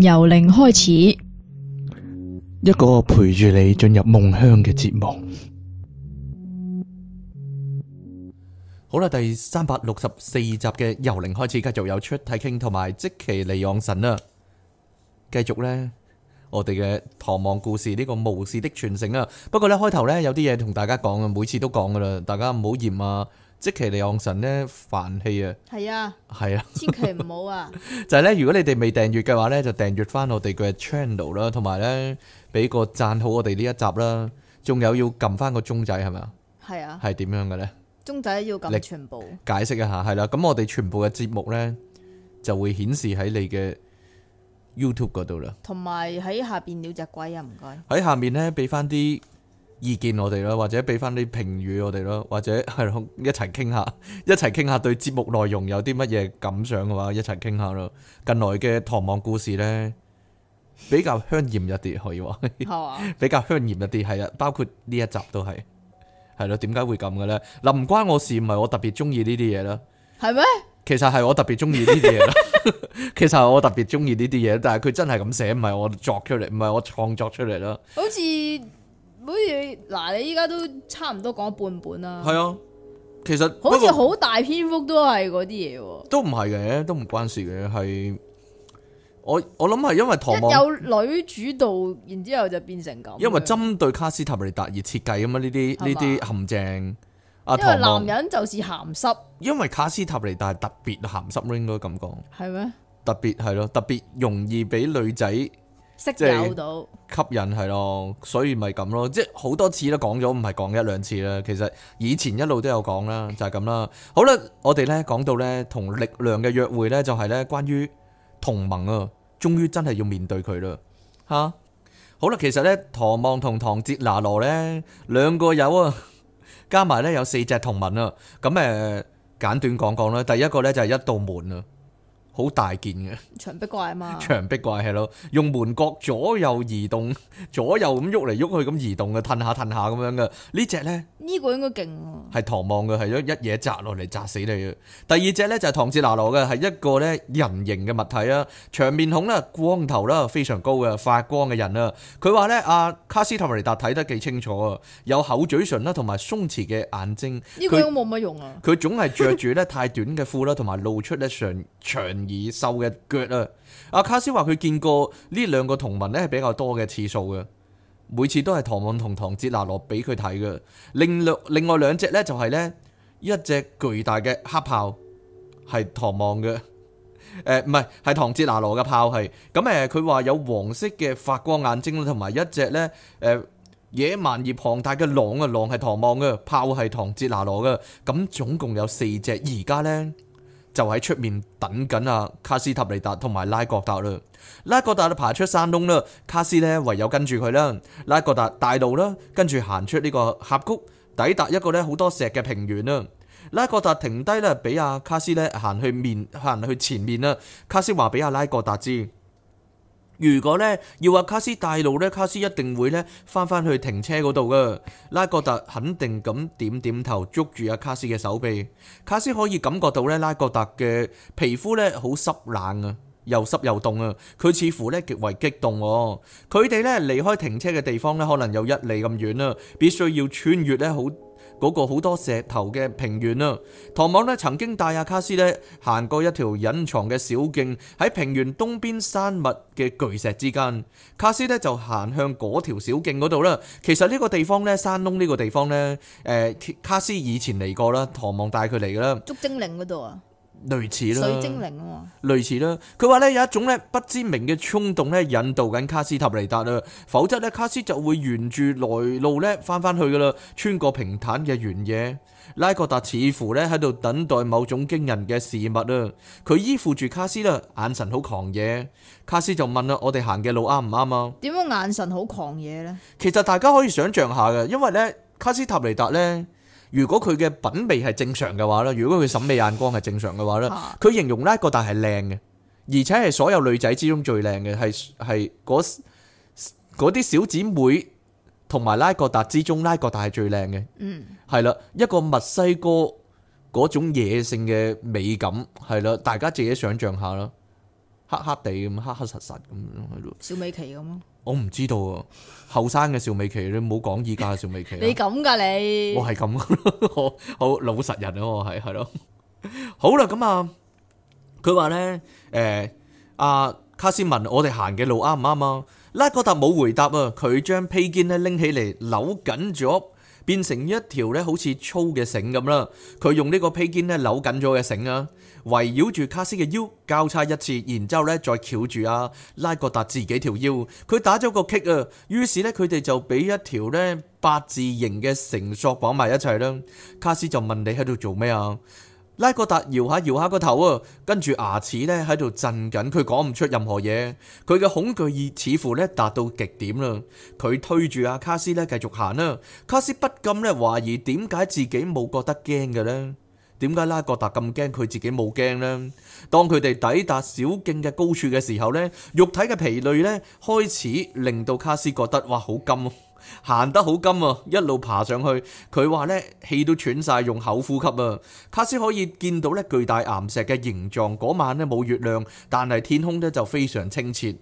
由零開始，一個陪住你進入夢鄉嘅節目。好啦，第三百六十四集嘅由零開始，繼續有出體傾同埋即其離養神啦。繼續呢，我哋嘅唐望故事呢，呢個巫士的傳承啊。不過呢，開頭呢，有啲嘢同大家講啊，每次都講噶啦，大家唔好嫌啊。即其嚟望神咧，煩氣啊！係啊，係啊，千祈唔好啊！ 就係咧，如果你哋未訂閱嘅話咧，就訂閱翻我哋嘅 channel 啦，同埋咧俾個讚好我哋呢一集啦，仲有要撳翻個鐘仔係咪啊？係啊，係點樣嘅咧？鐘仔要撳全部，解釋一下係啦。咁、啊、我哋全部嘅節目咧就會顯示喺你嘅 YouTube 嗰度啦。同埋喺下邊鳥隻鬼啊唔該。喺下面咧俾翻啲意見我哋咯，或者俾翻啲評語我哋咯，或者係一齊傾下，一齊傾下對節目內容有啲乜嘢感想嘅話，一齊傾下咯。近來嘅《唐望故事》呢，比較香艷一啲可以話， 比較香艷一啲係啊，包括呢一集都係係咯。點解會咁嘅呢？嗱、啊，唔關我事，唔係我特別中意呢啲嘢啦，係咩嗎？其實係我特別中意呢啲嘢啦， 其實我特別中意呢啲嘢，但係佢真係咁寫，唔係我作出嚟，唔係我創作出嚟咯，好似。好似嗱，你依家都差唔多講半本啦。係啊，其實好似好大篇幅都係嗰啲嘢喎。都唔係嘅，都唔關事嘅。係我我諗係因為唐望有女主導，然之後就變成咁。因為針對卡斯塔尼達而設計啊嘛，呢啲呢啲陷阱。吧因為男人就是鹹濕。因為卡斯塔尼達特別鹹濕，應該咁講。係咩？特別係咯，特別容易俾女仔吸引係咯，所以咪咁咯，即係好多次都講咗，唔係講一兩次啦。其實以前一路都有講啦，就係咁啦。好啦，我哋咧講到咧同力量嘅約會咧，就係咧關於同盟啊，終於真係要面對佢啦吓。好啦，其實咧，唐望同唐哲拿羅咧兩個有啊，加埋咧有四隻同盟啊。咁、嗯、誒，簡短講講啦，第一個咧就係一道門啊。好大件嘅 長壁怪啊嘛！長壁怪係咯，用門角左右移動，左右咁喐嚟喐去咁移動嘅，褪下褪下咁樣嘅呢隻咧？呢個應該勁喎，係唐望嘅，係一嘢砸落嚟砸死你嘅。第二隻咧就係、是、唐治拿羅嘅，係一個咧人形嘅物體啊，長面孔咧，光頭啦，非常高嘅發光嘅人啊。佢話咧阿卡斯泰瑞達睇得幾清楚啊，有厚嘴唇啦，同埋鬆弛嘅眼睛。呢個都冇乜用啊！佢總係着住咧太短嘅褲啦，同埋露出咧上長,長。以瘦嘅腳啊！阿卡斯話佢見過呢兩個同盟咧，係比較多嘅次數嘅，每次都係唐望同唐哲拿羅俾佢睇嘅。另兩另外兩隻咧就係咧，一隻巨大嘅黑豹，係唐望嘅，誒唔係係唐哲拿羅嘅豹係。咁、呃、誒，佢話有黃色嘅發光眼睛，同埋一隻咧，誒、呃、野蠻而龐大嘅狼啊，狼係唐望嘅，豹係唐哲拿羅嘅。咁總共有四隻，而家咧。就喺出面等緊阿卡斯塔利達同埋拉格達啦，拉格達就爬出山窿啦，卡斯呢唯有跟住佢啦，拉格達帶路啦，跟住行出呢個峽谷，抵達一個呢好多石嘅平原啦，拉格達停低咧，俾阿卡斯呢行去面，行去前面啦，卡斯話俾阿拉格達知。如果呢，要阿卡斯帶路呢，卡斯一定會呢翻返去停車嗰度噶。拉各特肯定咁點點頭，捉住阿卡斯嘅手臂。卡斯可以感覺到呢，拉各特嘅皮膚呢好濕冷啊，又濕又凍啊。佢似乎呢極為激動。佢哋呢離開停車嘅地方呢，可能有一里咁遠啦，必須要穿越呢。好。嗰個好多石頭嘅平原啊，唐望咧曾經帶阿卡斯咧行過一條隱藏嘅小徑，喺平原東邊山脈嘅巨石之間。卡斯咧就行向嗰條小徑嗰度啦。其實呢個地方呢，山窿呢個地方呢，誒、呃、卡斯以前嚟過啦，唐望帶佢嚟噶啦。捉精靈嗰度啊。類似啦，水精靈、哦、類似啦。佢話呢，有一種呢，不知名嘅衝動呢，引導緊卡斯塔尼達啦，否則呢，卡斯就會沿住來路呢，翻翻去噶啦，穿過平坦嘅原野。拉各達似乎呢，喺度等待某種驚人嘅事物啊！佢依附住卡斯啦，眼神好狂野。卡斯就問啦：我哋行嘅路啱唔啱啊？點樣眼神好狂野呢？」其實大家可以想象下嘅，因為呢，卡斯塔尼達呢。如果佢嘅品味係正常嘅話咧，如果佢審美眼光係正常嘅話咧，佢形容拉各達係靚嘅，而且係所有女仔之中最靚嘅，係係嗰啲小姐妹同埋拉各達之中拉達，拉各達係最靚嘅。嗯，係啦，一個墨西哥嗰種野性嘅美感，係啦，大家自己想象下啦，黑黑地咁，黑黑實實咁樣係咯，小美琪咁咯。我唔知道啊。後生嘅邵美琪，你冇講而家邵美琪。 你咁噶你？我係咁，我好，老實人咯，係係咯。好啦，咁啊，佢話咧，誒阿、 啊欸啊、卡斯文，我哋行嘅路啱唔啱啊？拉哥達冇回答啊，佢將披肩咧拎起嚟，扭緊咗。變成一條咧好似粗嘅繩咁啦，佢用呢個披肩咧扭緊咗嘅繩啊，圍繞住卡斯嘅腰交叉一次，然之後咧再翹住啊拉過達自己條腰，佢打咗個結啊，於是咧佢哋就俾一條咧八字形嘅繩索綁埋一齊啦。卡斯就問，你喺度做咩啊？拉哥達搖下搖下個頭啊，跟住牙齒咧喺度震緊，佢講唔出任何嘢，佢嘅恐懼意似乎咧達到極點啦。佢推住阿卡斯咧繼續行啦，卡斯不禁咧懷疑點解自己冇覺得驚嘅呢？點解拉哥達咁驚佢自己冇驚呢？當佢哋抵達小徑嘅高處嘅時候呢，肉體嘅疲累呢開始令到卡斯覺得哇好金。行得好金啊！一路爬上去，佢話呢氣都喘晒，用口呼吸啊！卡斯可以見到呢巨大岩石嘅形狀。嗰晚呢冇月亮，但係天空呢就非常清澈，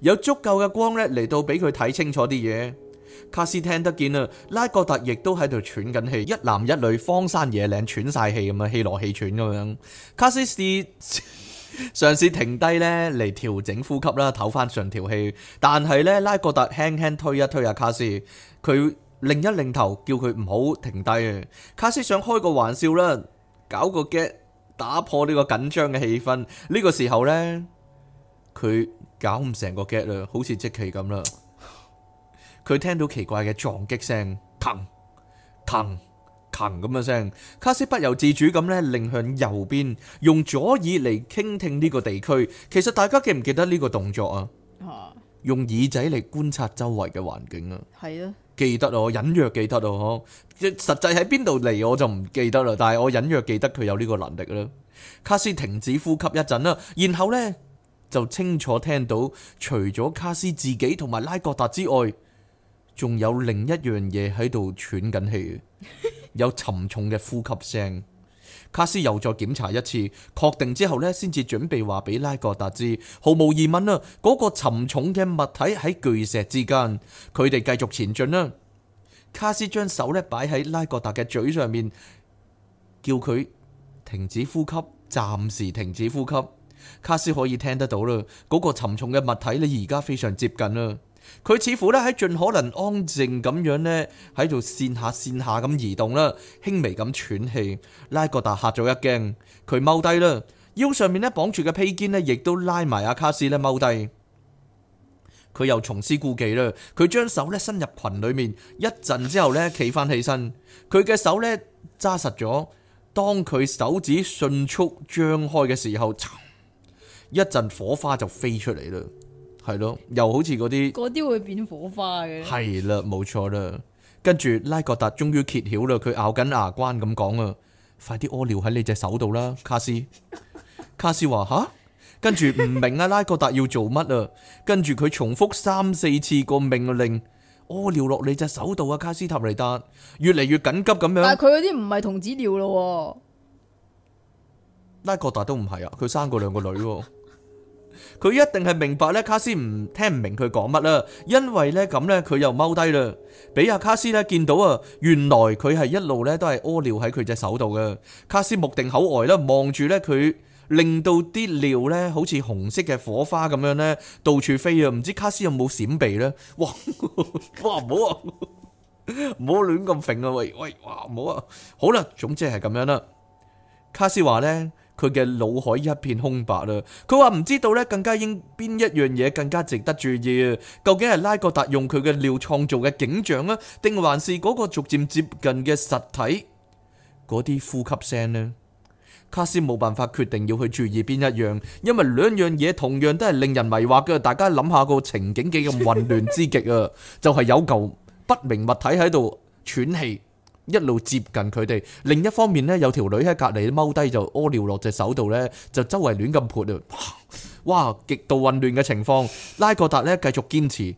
有足夠嘅光呢嚟到俾佢睇清楚啲嘢。卡斯聽得見啊！拉格特亦都喺度喘緊氣，一男一女荒山野嶺喘晒氣咁啊，氣羅氣喘咁樣。卡斯嘗試停低呢嚟，調整呼吸啦，唞翻順條氣。但係呢，拉國達輕輕推一推阿卡斯，佢擰一擰頭叫佢唔好停低。卡斯想開個玩笑啦，搞個 gag 打破呢個緊張嘅氣氛。呢、這個時候呢，佢搞唔成個 gag 啦，好似即奇咁啦。佢聽到奇怪嘅撞擊聲，砰砰。琴咁嘅聲，卡斯不由自主咁，咧，擰向右邊用左耳嚟傾聽呢個地區。其實大家記唔記得呢個動作啊？啊用耳仔嚟觀察周圍嘅環境啊？係啊的，記得，我隱約記得哦，嗬，實際喺邊度嚟我就唔記得啦，但係我隱約記得佢有呢個能力啦。卡斯停止呼吸一陣啦，然後呢，就清楚聽到，除咗卡斯自己同埋拉各達之外，仲有另一樣嘢喺度喘緊氣。有沉重嘅呼吸聲，卡斯又再檢查一次，確定之後咧，先至準備話俾拉各達知，毫無疑問啦。嗰個沉重嘅物體喺巨石之間，佢哋繼續前進啦。卡斯將手咧擺喺拉各達嘅嘴上面，叫佢停止呼吸，暫時停止呼吸。卡斯可以聽得到啦，嗰個沉重嘅物體你而家非常接近啦。佢似乎呢，喺盡可能安靜咁樣呢，喺度線下線下咁移動啦，輕微咁喘氣。拉哥達吓咗一驚，佢踎低啦，腰上面呢綁住嘅披肩呢，亦都拉埋阿卡斯呢踎低。佢又重施故技啦，佢將手呢伸入群裏面一陣之後呢企翻起身，佢嘅手呢揸實咗。當佢手指迅速張開嘅時候，一陣火花就飛出嚟啦。係咯，又好似嗰啲，嗰啲會變火花嘅。係啦，冇錯啦。跟住拉葛達終於揭曉啦，佢咬緊牙關咁講啊，快啲屙尿喺你隻手度啦，卡斯。 卡斯話吓，跟住唔明啊， 拉葛達要做乜啊？跟住佢重複三四次個命令，屙尿落你隻手度啊，卡斯塔尼達，越嚟越緊急咁樣。 但係佢嗰啲唔係童子尿咯，拉葛達都唔係啊，佢生過兩個女，啊。 佢一定係明白咧，卡斯唔聽唔明佢講乜啦，因為咧咁咧佢又踎低啦，俾阿卡斯咧見到啊，原來佢係一路咧都係屙尿喺佢隻手度嘅，卡斯目定口呆啦，望住咧佢，令到啲尿咧好似紅色嘅火花咁樣咧到處飛啊，唔知卡斯有冇閃避咧？哇 哇唔好啊，唔好亂咁揈啊！喂喂，哇唔好啊，好啦，總之係咁樣啦，卡斯話咧。佢嘅腦海一片空白啦，佢話唔知道呢，更加應邊一樣嘢更加值得注意啊？究竟係拉格達用佢嘅尿創造嘅景象啊，定還是嗰個逐漸接近嘅實體嗰啲呼吸聲呢？卡斯冇辦法決定要去注意邊一樣，因為兩樣嘢同樣都係令人迷惑嘅。大家諗下個情景幾咁混亂之極啊！ 就係有嚿不明物體喺度喘氣。一路接近佢哋，另一方面呢，有條女喺隔籬踎低就屙尿落隻手度呢，就周圍亂咁潑啊！哇，極度混亂嘅情況，拉格達呢繼續堅持，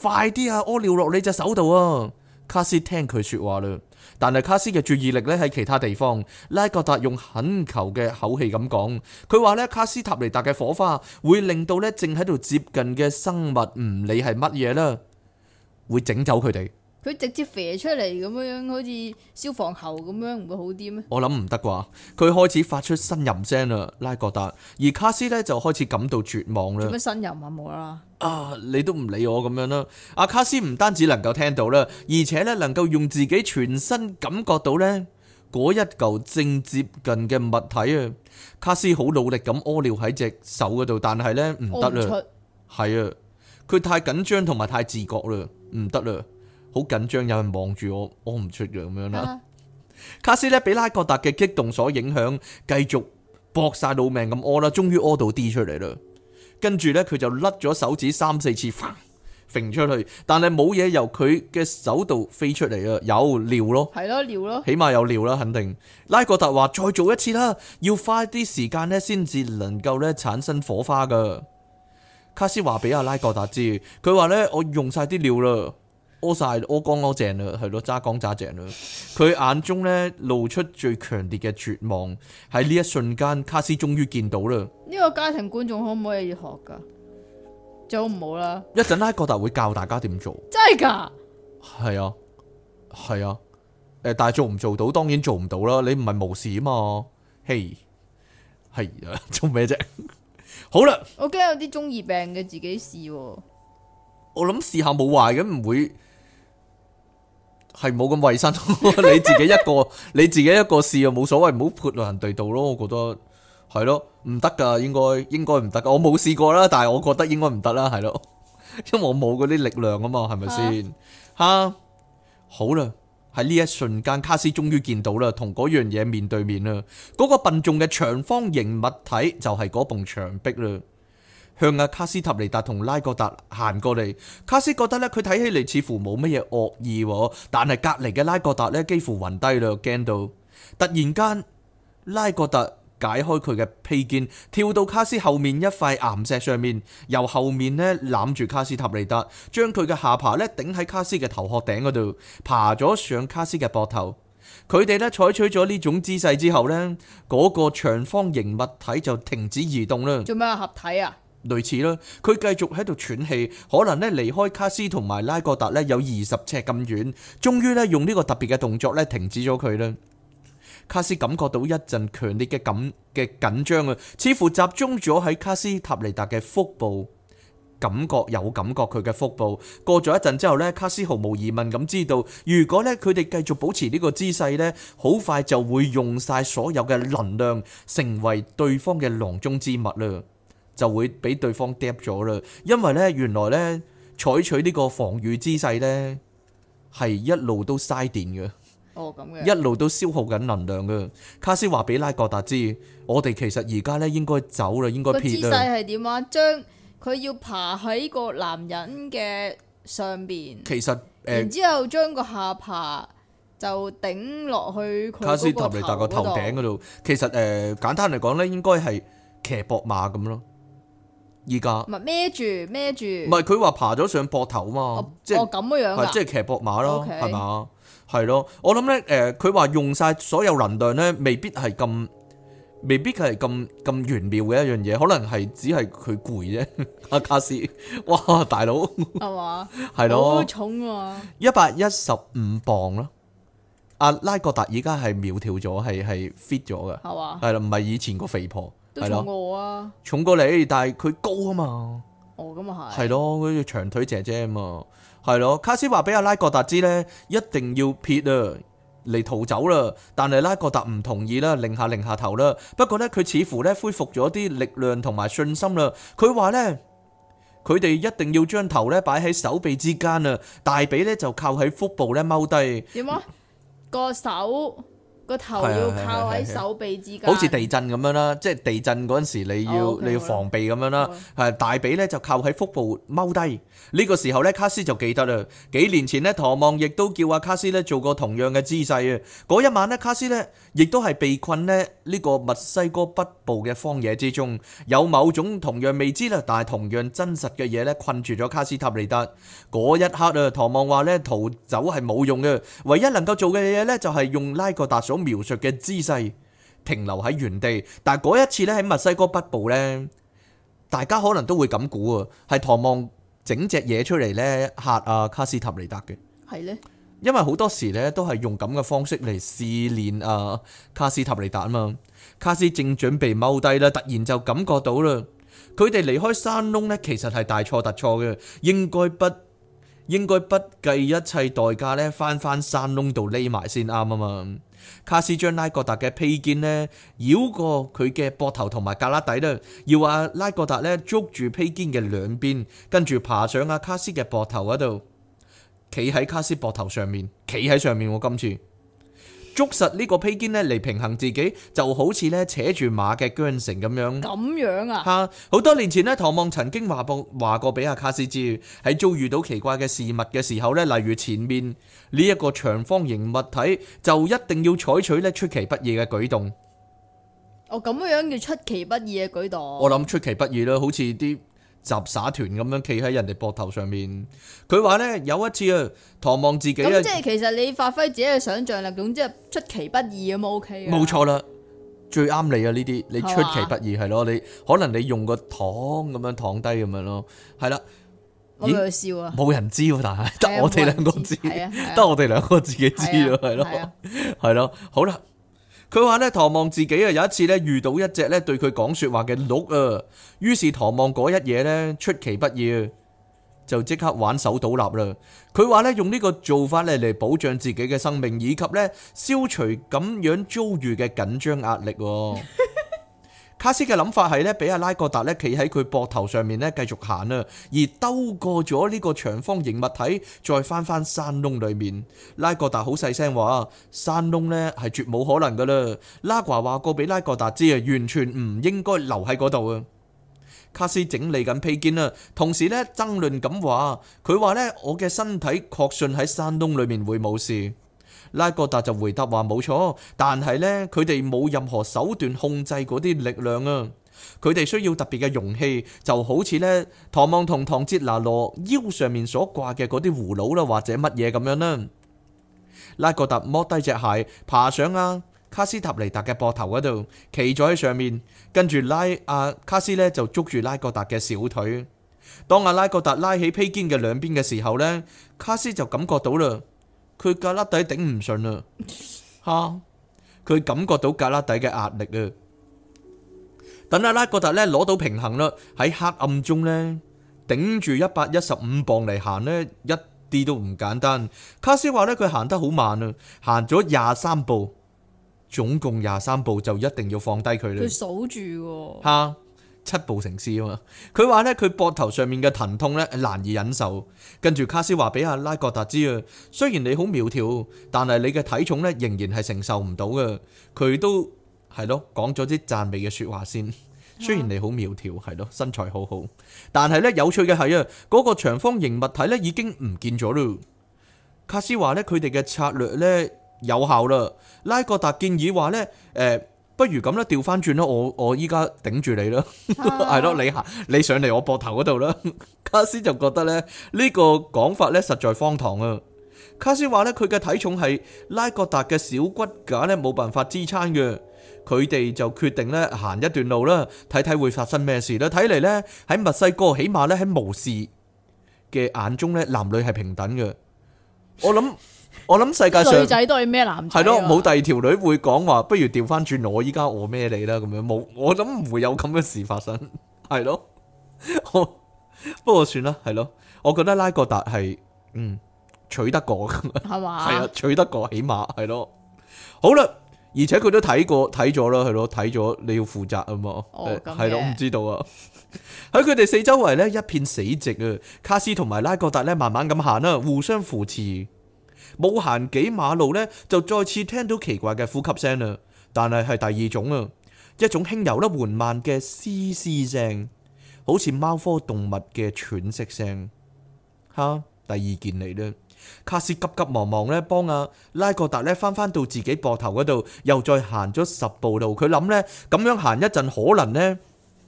快啲啊，屙尿落你隻手度啊！卡斯聽佢說話啦，但係卡斯嘅注意力呢，喺其他地方。拉格達用懇求嘅口氣咁講，佢話呢，卡斯塔尼達嘅火花會令到呢正喺度接近嘅生物唔理係乜嘢啦，會整走佢哋。佢直接飛出嚟咁樣，好似消防喉咁樣，唔會好啲咩？我諗唔得啩。佢開始發出呻吟聲啦，拉哥達，而卡斯呢，就開始感到絕望、啊、啦。做咩呻吟啊？冇啦。啊，你都唔理我咁樣啦。阿卡斯唔單止能夠聽到啦，而且呢，能夠用自己全身感覺到呢嗰一嚿正接近嘅物體啊。卡斯好努力咁屙尿喺隻手嗰度，但係呢，唔得啦。係啊，佢太緊張同埋太自覺啦，唔得啦。好緊張，有人望住我，屙唔出嘅咁樣啦。卡斯咧俾拉格達嘅激動所影響，繼續搏曬老命咁屙啦，終於屙到啲出嚟啦。跟住咧佢就甩咗手指三四次，揈出去，但係冇嘢由佢嘅手度飛出嚟啊，有尿咯，係咯尿咯，起碼有尿啦肯定。拉格達話：再做一次啦，要花啲時間咧先至能夠咧產生火花㗎。卡斯話俾阿拉格達知，佢話咧我用曬啲尿啦。屙晒，屙乾淨啦，係咯，揸乾淨啦。佢眼中咧露出最強烈嘅絕望，喺呢一瞬間，卡斯終於見到啦。呢個家庭觀眾可唔可以學噶？做唔好啦。一陣啦，郭達會教大家點做。真係噶？係啊，係啊。誒，但係做唔做到，當然做唔到啦。你唔係無事啊嘛？嘿，係啊，做咩啫？好啦，我驚有啲中二病嘅自己試，啊。我諗試下冇壞噉，唔會。係冇咁衛生， 你自己一個 你自己一個試又冇所謂，唔好潑落人地度咯。我覺得係咯，唔得噶，應該應該唔得噶。我冇試過啦，但係我覺得應該唔得啦，係咯，因為我冇嗰啲力量啊嘛，係咪先？吓？好啦！喺呢一瞬間，卡斯終於見到啦，同嗰樣嘢面對面啦，嗰個笨重嘅長方形物體就係嗰埲牆壁啦。向阿卡斯塔尼達同拉各達行過嚟，卡斯覺得呢佢睇起嚟似乎冇乜嘢惡意，但係隔籬嘅拉各達呢幾乎暈低啦，驚到。突然間，拉各達解開佢嘅披肩，跳到卡斯後面一塊岩石上面，由後面呢攬住卡斯塔尼達，將佢嘅下巴呢頂喺卡斯嘅頭殼頂嗰度，爬咗上卡斯嘅膊頭。佢哋呢採取咗呢種姿勢之後呢，嗰個長方形物體就停止移動啦。做咩合體啊？類似啦，佢繼續喺度喘氣，可能咧離開卡斯同埋拉格達咧有二十尺咁遠，終於咧用呢個特別嘅動作咧停止咗佢啦。卡斯感覺到一陣強烈嘅緊嘅緊張啊，似乎集中咗喺卡斯塔尼達嘅腹部，感覺有感覺佢嘅腹部。過咗一陣之後咧，卡斯毫無疑問咁知道，如果咧佢哋繼續保持呢個姿勢咧，好快就會用晒所有嘅能量，成為對方嘅囊中之物啦。就會俾對方釘咗啦，因為呢，原來呢，採取呢個防禦姿勢呢，係一路都嘥電嘅，哦、一路都消耗緊能量嘅。卡斯話俾拉各達知，我哋其實而家咧應該走啦，應該撇啦。姿勢係點啊？將佢要爬喺個男人嘅上邊，其實誒，然之後將個下巴就頂落去卡斯塔尼達個頭頂嗰度。其實誒，簡單嚟講呢應該係騎膊馬咁咯。依家唔係孭住孭住，唔係佢話爬咗上膊頭嘛，即係咁嘅樣，即係騎膊馬咯，係嘛？係咯。我諗咧，誒、呃，佢話用晒所有能量咧，未必係咁，未必佢係咁咁玄妙嘅一樣嘢，可能係只係佢攰啫。阿、啊、卡斯， 哇，大佬，係嘛， 係咯 的，重一百一十五磅咯。阿拉各達而家係苗條咗，係係 fit 咗嘅，係嘛？係啦，唔係以前個肥婆。對 重過我啊！重過你，但係佢高啊嘛。哦，咁啊係。係咯，佢要長腿姐姐啊嘛。係咯，卡斯話俾阿拉格達知咧，一定要撇啊，嚟逃走啦。但係拉格達唔同意啦，擰下擰下頭啦。不過咧，佢似乎咧恢復咗啲力量同埋信心啦。佢話咧，佢哋一定要將頭咧擺喺手臂之間啊，大髀咧就靠喺腹部咧踎低。點啊？個手。個頭要靠喺手臂之間， 好似地震咁樣啦，即係地震嗰陣時你要 okay, 你要防備咁樣啦，係 okay. 大髀咧就靠喺腹部踎低，呢、這個時候咧卡斯就記得啦。幾年前咧，唐望亦都叫阿卡斯咧做過同樣嘅姿勢啊。嗰一晚咧，卡斯咧亦都係被困咧呢個墨西哥北部嘅荒野之中，有某種同樣未知啦，但係同樣真實嘅嘢，咧困住咗卡斯塔尼達。嗰一刻啊，唐望話咧逃走係冇用嘅，唯一能夠做嘅嘢咧就係用拉格達，種描述嘅姿勢停留喺原地，但係嗰一次咧喺墨西哥北部咧，大家可能都會咁估啊，係唐望整隻嘢出嚟咧嚇阿卡斯塔尼達嘅係咧，因為好多時咧都係用咁嘅方式嚟試練阿卡斯塔尼達啊嘛。卡斯正準備踎低啦，突然就感覺到啦，佢哋離開山窿咧，其實係大錯特錯嘅，應該不應該不計一切代價咧翻翻山窿度匿埋先啱啊嘛。卡斯將拉各達嘅披肩呢繞過佢嘅膊頭同埋格拉底啦，要阿拉各達呢捉住披肩嘅兩邊，跟住爬上阿卡斯嘅膊頭嗰度，企喺卡斯膊頭上面，企喺上面、啊。我今次。捉實呢個披肩咧嚟，平衡自己，就好似咧扯住馬嘅韁繩咁樣。咁樣啊？吓，好多年前咧，唐望曾經話過話過俾阿卡斯知，喺遭遇到奇怪嘅事物嘅時候咧，例如前面呢一，這個長方形物體，就一定要採取咧出其不意嘅舉動。哦，咁樣叫出其不意嘅舉動？我諗出其不意啦，好似啲。集耍團咁樣企喺人哋膊頭上面，佢話咧有一次啊，唐望自己即係其實你發揮自己嘅想象力，總之係出其不意咁 OK 冇錯啦，最啱你啊呢啲，你出其不意係咯，你可能你用個躺咁樣躺低咁樣咯，係啦，攞佢笑我啊，冇人知，但係得我哋兩個知，得、啊啊、我哋兩個自己知咯，係咯、啊，係咯，好啦。佢話咧，唐望自己啊有一次咧遇到一隻咧對佢講説話嘅鹿啊，於是唐望嗰一嘢咧出其不意，就即刻玩手倒立啦。佢話咧用呢個做法咧嚟保障自己嘅生命，以及咧消除咁樣遭遇嘅緊張壓力喎。 卡斯嘅諗法係咧，俾阿拉各達咧企喺佢膊頭上面咧，繼續行啊，而兜過咗呢個長方形物體，再翻返山窿裏面。拉各達好細聲話：山窿呢係絕冇可能噶啦。拉瓜話過俾拉各達知啊，完全唔應該留喺嗰度啊。卡斯整理緊披肩啊，同時咧爭論咁話，佢話呢，我嘅身體確信喺山窿裏面會冇事。拉哥達就回答話冇錯，但係呢，佢哋冇任何手段控制嗰啲力量啊！佢哋需要特別嘅容器，就好似呢唐望同唐哲拿羅腰上面所掛嘅嗰啲葫蘆啦，或者乜嘢咁樣啦。拉哥達摸低隻鞋，爬上啊卡斯塔尼達嘅膊頭嗰度，企咗喺上面，跟住拉阿、啊、卡斯咧就捉住拉哥達嘅小腿。當阿拉哥達拉起披肩嘅兩邊嘅時候呢，卡斯就感覺到啦。佢胳肋底頂唔順啦，吓，佢感覺到胳肋底嘅壓力啊。等阿拉格達咧攞到平衡啦，喺黑暗中咧頂住一百一十五磅嚟行咧，一啲都唔簡單。卡斯話咧，佢行得好慢啊，行咗廿三步，總共廿三步就一定要放低佢啦。佢數住喎。吓。七步成詩啊嘛！佢話咧，佢膊頭上面嘅疼痛咧難以忍受。跟住卡斯話俾阿拉各達知啊，雖然你好苗條，但係你嘅體重咧仍然係承受唔到嘅。佢都係咯，講咗啲讚美嘅説話先。雖然你好苗條，係咯身材好好，但係咧有趣嘅係啊，嗰個長方形物體咧已經唔見咗啦。卡斯話咧，佢哋嘅策略咧有效啦。拉各達建議話咧，誒、呃。不如咁啦，掉返轉啦，我我依家頂住你啦，係咯，你行，你上嚟我膊頭嗰度啦。卡斯就覺得咧，呢個講法咧實在荒唐啊。卡斯話咧，佢嘅體重係拉各達嘅小骨架咧，冇辦法支撐嘅。佢哋就決定咧行一段路啦，睇睇會發生咩事啦。睇嚟咧喺墨西哥，起碼咧喺巫士嘅眼中咧，男女係平等嘅。我諗。我諗世界上女仔都係咩男，啊，仔？係咯，冇第二條女會講話，不如調翻轉，我依家我咩你啦，咁樣冇，我諗唔會有咁嘅事發生，係咯。 不過算啦，係咯。我覺得拉格達係嗯娶得過，係嘛嗎？係啊， 娶得過，起碼係咯。好啦，而且佢都睇過睇咗啦，係咯，睇咗你要負責啊嘛。哦，係咯的，唔、嗯、知道啊。喺佢哋四周圍咧一片死寂啊。卡斯同埋拉格達咧慢慢咁行啦，互相互扶持。冇行幾馬路咧，就再次聽到奇怪嘅呼吸聲啦。但係係第二種啊，一種輕柔得緩慢嘅嘶嘶聲，好似貓科動物嘅喘息聲。吓，第二件嚟啦。卡斯急急忙忙咧，幫阿拉各達咧翻翻到自己膊頭嗰度，又再行咗十步路。佢諗咧，咁樣行一陣，可能咧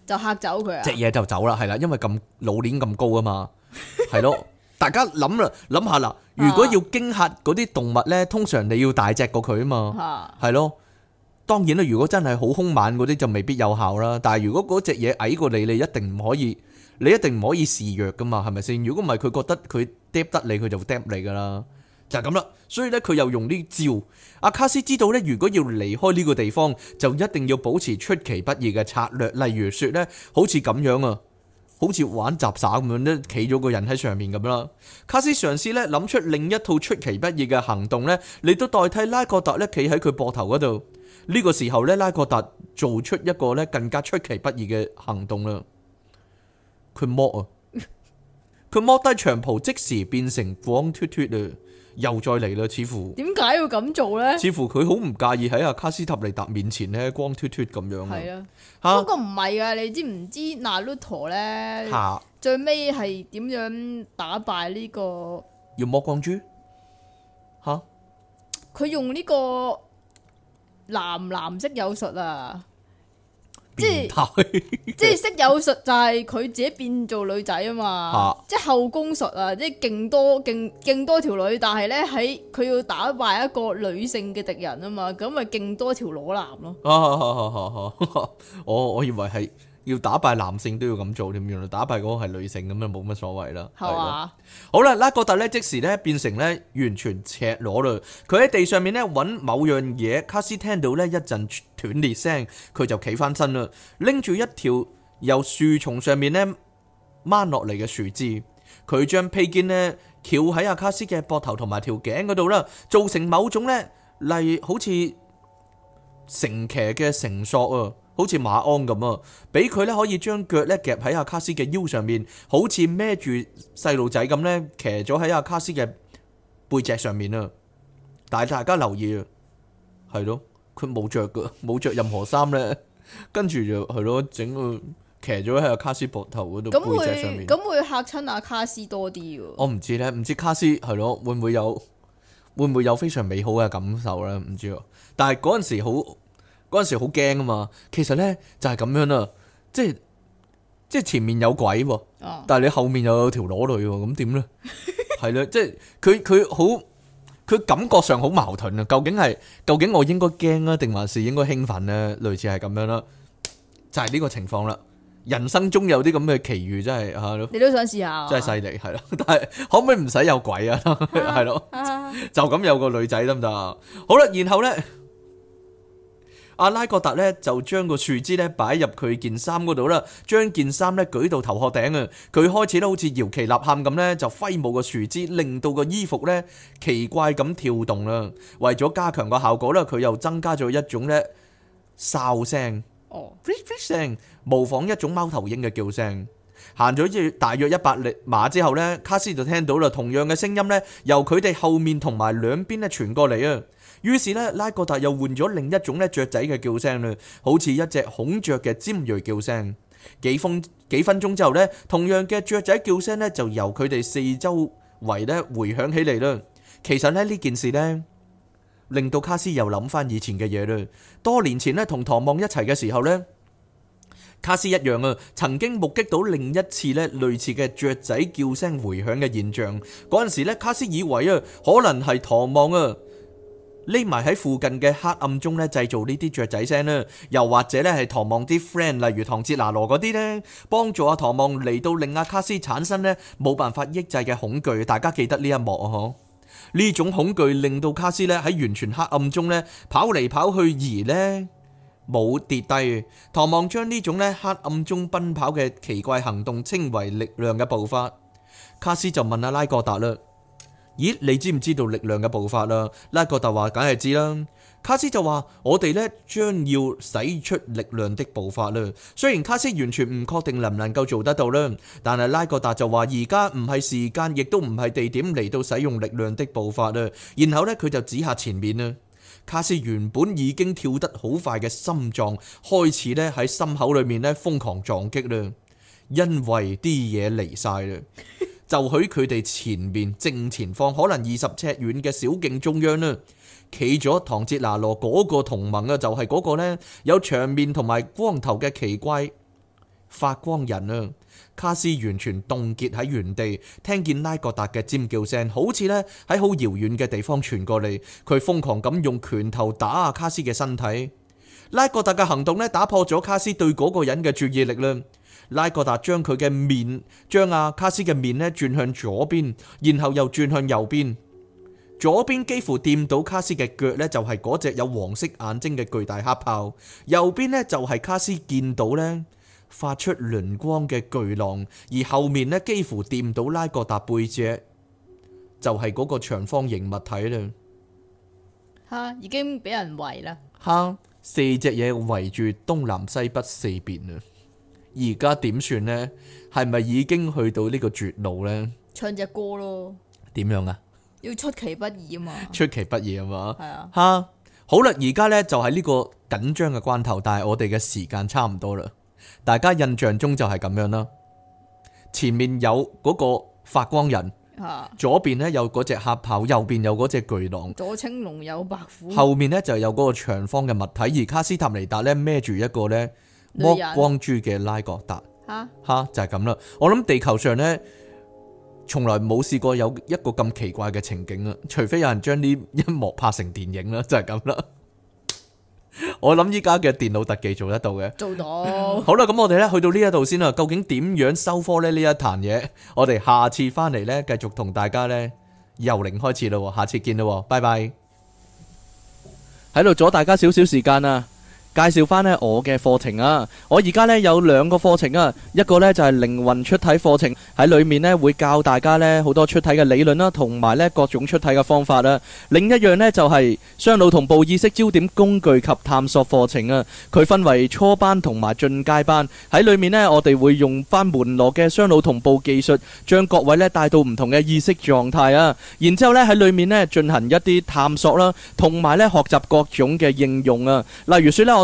就吓走佢啊，隻嘢就走啦，係啦，因為咁老年咁高啊嘛，係咯。大家諗啦，諗下啦。如果要驚嚇嗰啲動物呢，通常你要大隻過佢啊嘛，係、啊、咯。當然啦，如果真係好凶猛嗰啲就未必有效啦。但係如果嗰隻嘢矮過你，你一定唔可以，你一定唔可以示弱噶嘛，係咪先？如果唔係，佢覺得佢嗲得你，佢就會嗲你噶啦。就係咁啦。所以呢，佢又用呢招。阿卡斯知道呢，如果要離開呢個地方，就一定要保持出其不意嘅策略。例如說呢，好似咁樣啊。好似玩雜耍咁樣咧，企咗個人喺上面咁啦。卡斯嘗試咧諗出另一套出其不意嘅行動咧，嚟到代替拉各達咧企喺佢膊頭嗰度。呢、這個時候咧，拉各達做出一個咧更加出其不意嘅行動啦。佢剝啊，佢 剝低長袍，即時變成光脫脫啊！又再嚟啦，似乎。點解要咁做呢？似乎佢好唔介意喺阿卡斯塔尼達面前呢，光脱脱咁樣。係啊，哈不過唔係啊，你知唔知拿魯陀咧？哈最尾係點樣打敗呢、呢個？要剝光珠？嚇！佢用呢個藍藍色有術啊！即係即係識有術就係佢自己變做女仔啊嘛，即係後宮術啊，即係勁多勁勁多條女，但係咧喺佢要打敗一個女性嘅敵人啊嘛，咁咪勁多條裸男咯。啊啊啊啊啊！我我以為係。要打敗男性都要咁做添，原來打敗嗰個係女性咁就冇乜所謂啦。係啊，好啦，拉格達咧即時咧變成咧完全赤裸啦。佢喺地上面咧揾某樣嘢，卡斯聽到咧一陣斷裂聲，佢就企翻身啦，拎住一條由樹叢上面咧掹落嚟嘅樹枝，佢將披肩呢繞喺阿卡斯嘅膊頭同埋條頸嗰度啦，做成某種咧，例如好似乘騎嘅繩索啊！好似馬鞍咁啊，俾佢咧可以將腳咧夾喺阿卡斯嘅腰上面，好似孭住細路仔咁咧，騎咗喺阿卡斯嘅背脊上面啊！但係大家留意，啊，係咯，佢冇着嘅，冇著任何衫咧，跟住就係咯，整個騎咗喺阿卡斯膊頭嗰度背脊上面，咁會，會嚇親阿卡斯多啲喎。我唔知咧，唔知卡斯係，咯會唔會有，會唔會有非常美好嘅感受咧？唔知，但係嗰陣時好。嗰陣時好驚啊嘛，其實咧就係咁樣啦，即係即係前面有鬼喎，但係你後面又有條裸女喎，咁點咧？係咧，即係佢佢好，佢感覺上好矛盾啊！究竟係究竟我應該驚啊，定還是應該興奮咧？類似係咁樣啦，就係呢個情況啦。人生中有啲咁嘅奇遇，真係啊！你都想試下，真係犀利係啦。但係可唔可以唔使有鬼啊？係咯，就咁有個女仔得唔得？好啦，然後咧。阿拉戈特咧就將個樹枝咧擺入佢件衫嗰度啦，將件衫咧舉到頭殼頂啊！佢開始咧好似搖旗吶喊咁咧，就揮舞個樹枝，令到個衣服咧奇怪咁跳動啦。為咗加強個效果咧，佢又增加咗一種咧哨聲哦，聲、oh. 模仿一種貓頭鷹嘅叫聲。行咗約大約一百里碼之後咧，卡斯就聽到啦，同樣嘅聲音咧由佢哋後面同埋兩邊咧傳過嚟啊！於是咧，拉哥達又換咗另一種咧雀仔嘅叫聲啦，好似一隻孔雀嘅尖銳叫聲。幾分幾分鐘之後咧，同樣嘅雀仔叫聲咧就由佢哋四周圍咧回響起嚟啦。其實咧呢件事咧，令到卡斯又諗翻以前嘅嘢啦。多年前咧同唐望一齊嘅時候咧，卡斯一樣啊，曾經目擊到另一次咧類似嘅雀仔叫聲回響嘅現象。嗰陣時咧，卡斯以為啊，可能係唐望啊。匿埋喺附近嘅黑暗中呢，製造呢啲雀仔聲啦。又或者呢係唐望啲 friend，例如唐哲拿羅嗰啲呢，幫助阿唐望嚟到令阿卡斯產生呢冇辦法抑制嘅恐懼。大家記得呢一幕啊！呢種恐懼令到卡斯呢喺完全黑暗中呢跑嚟跑去而呢冇跌低。唐望將呢種呢黑暗中奔跑嘅奇怪行動稱為力量嘅步伐。卡斯就問阿拉哥達嘞。咦，你知唔知道力量嘅步伐啦？拉格達話梗係知啦。卡斯就話我哋呢將要使出力量的步伐啦。雖然卡斯完全唔確定能唔能夠做得到啦，但係拉格達就話而家唔係時間，亦都唔係地點嚟到使用力量的步伐啦。然後呢，佢就指下前面啦。卡斯原本已經跳得好快嘅心臟開始呢喺心口裏面呢瘋狂撞擊啦，因為啲嘢嚟晒啦。 就喺佢哋前面正前方，可能二十尺遠嘅小徑中央啦，企咗唐哲拿羅嗰個同盟啊，就係嗰個咧有長面同埋光頭嘅奇怪發光人啊！卡斯完全凍結喺原地，聽見拉格達嘅尖叫聲，好似咧喺好遙遠嘅地方傳過嚟。佢瘋狂咁用拳頭打阿卡斯嘅身體，拉格達嘅行動咧打破咗卡斯對嗰個人嘅注意力啦。拉格達將佢嘅面，將阿卡斯嘅面咧轉向左邊，然後又轉向右邊。左邊幾乎掂到卡斯嘅腳呢就係嗰隻有黃色眼睛嘅巨大黑豹；右邊呢，就係卡斯見到呢發出輪光嘅巨浪，而後面呢，幾乎掂到拉格達背脊，就係、是、嗰個長方形物體啦。吓，已經俾人圍啦。吓，四隻嘢圍住東南西北四邊啊！而家點算呢？係咪已經去到呢個絕路呢？唱隻歌咯。點樣啊？要出其不意啊嘛！出其不意啊嘛！係啊！吓， 好啦，而家呢，就喺、是、呢個緊張嘅關頭，但係我哋嘅時間差唔多啦。大家印象中就係咁樣啦。前面有嗰個發光人，啊、左邊呢有嗰隻黑豹，右邊有嗰隻巨狼，左青龍有白虎，後面呢就有嗰個長方嘅物體，而卡斯塔尼達呢，孭住一個呢。摸光珠嘅拉各達，吓哈，就係咁啦。我諗地球上呢，從來冇試過有一個咁奇怪嘅情景啊，除非有人將呢一幕拍成電影啦，就係咁啦。 我諗依家嘅電腦特技做得到嘅，做到。好啦，咁我哋呢，去到呢一度先啦。究竟點樣收科呢？呢一壇嘢，我哋下次翻嚟呢，繼續同大家呢，由零開始咯。下次見啦，拜拜。喺度阻大家少少時間啊！介紹翻咧我嘅課程啊！我而家咧有兩個課程啊，一個咧就係靈魂出體課程，喺裏面咧會教大家咧好多出體嘅理論啦，同埋咧各種出體嘅方法啦。另一樣咧就係雙腦同步意識焦點工具及探索課程啊。佢分為初班同埋進階班，喺裏面咧我哋會用返門羅嘅雙腦同步技術，將各位咧帶到唔同嘅意識狀態啊。然之後咧喺裏面咧進行一啲探索啦，同埋咧學習各種嘅應用啊。例如説咧我。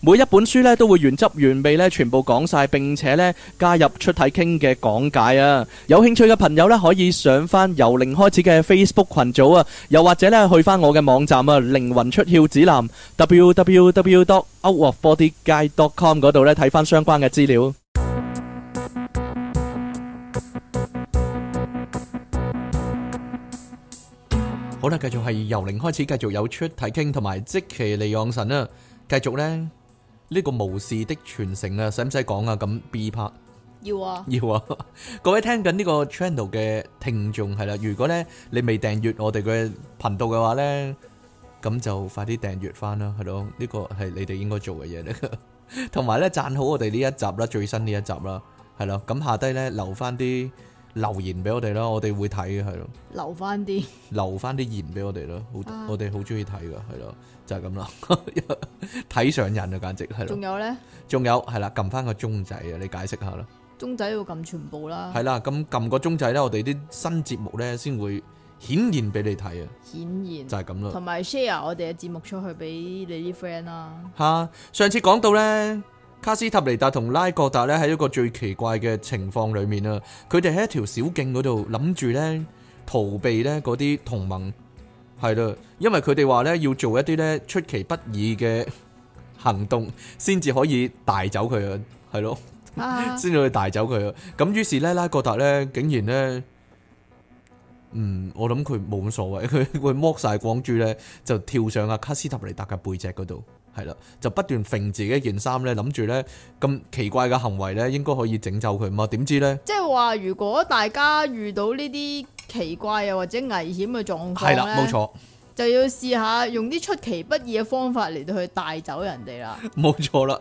每一本書咧都會原汁原味咧全部講晒，並且咧加入出體傾嘅講解啊！有興趣嘅朋友咧可以上翻由零開始嘅 Facebook 群組啊，又或者咧去翻我嘅網站啊靈魂出竅指南 www.outofbodyguide.com 嗰度咧睇翻相關嘅資料。好啦，繼續係由零開始，繼續有出體傾同埋即其利昂神啦，繼續呢。呢個巫士的傳承啊，使唔使講啊？咁 B part 要啊，要啊！各位聽緊呢個 channel 嘅聽眾係啦，如果咧你未訂閱我哋嘅頻道嘅話咧，咁就快啲訂閱翻啦，係咯，這個、呢個係你哋應該做嘅嘢嚟。同埋咧讚好我哋呢一集啦，最新呢一集啦，係咯，咁下低咧留翻啲。留言俾我哋咯，我哋會睇嘅，係咯。留翻啲，留翻啲言俾我哋咯，好，啊、我哋好中意睇噶，係咯，就係咁啦。睇上癮啊，簡直係咯。仲有咧？仲有係啦，撳翻個鐘仔啊，你解釋下啦。鐘仔要撳全部啦。係啦，咁撳個鐘仔咧，我哋啲新節目咧先會顯現俾你睇啊。顯現然就係咁啦。同埋 share 我哋嘅節目出去俾你啲 friend 啦。吓、啊，上次講到咧。卡斯塔尼達同拉各達咧喺一個最奇怪嘅情況裏面啊。佢哋喺一條小徑嗰度諗住咧逃避咧嗰啲同盟，係咯，因為佢哋話咧要做一啲咧出其不意嘅行動，先至可以帶走佢啊，係咯，先至可以帶走佢啊。咁於是咧，拉各達咧竟然咧，嗯，我諗佢冇咁所謂，佢會剝晒光豬咧，就跳上阿卡斯塔尼達嘅背脊嗰度。係啦，就不斷揈自己一件衫咧，諗住咧咁奇怪嘅行為咧，應該可以拯救佢嘛？點知咧？即係話如果大家遇到呢啲奇怪又或者危險嘅狀況，係啦，冇錯，就要試下用啲出其不意嘅方法嚟到去帶走人哋啦。冇錯啦，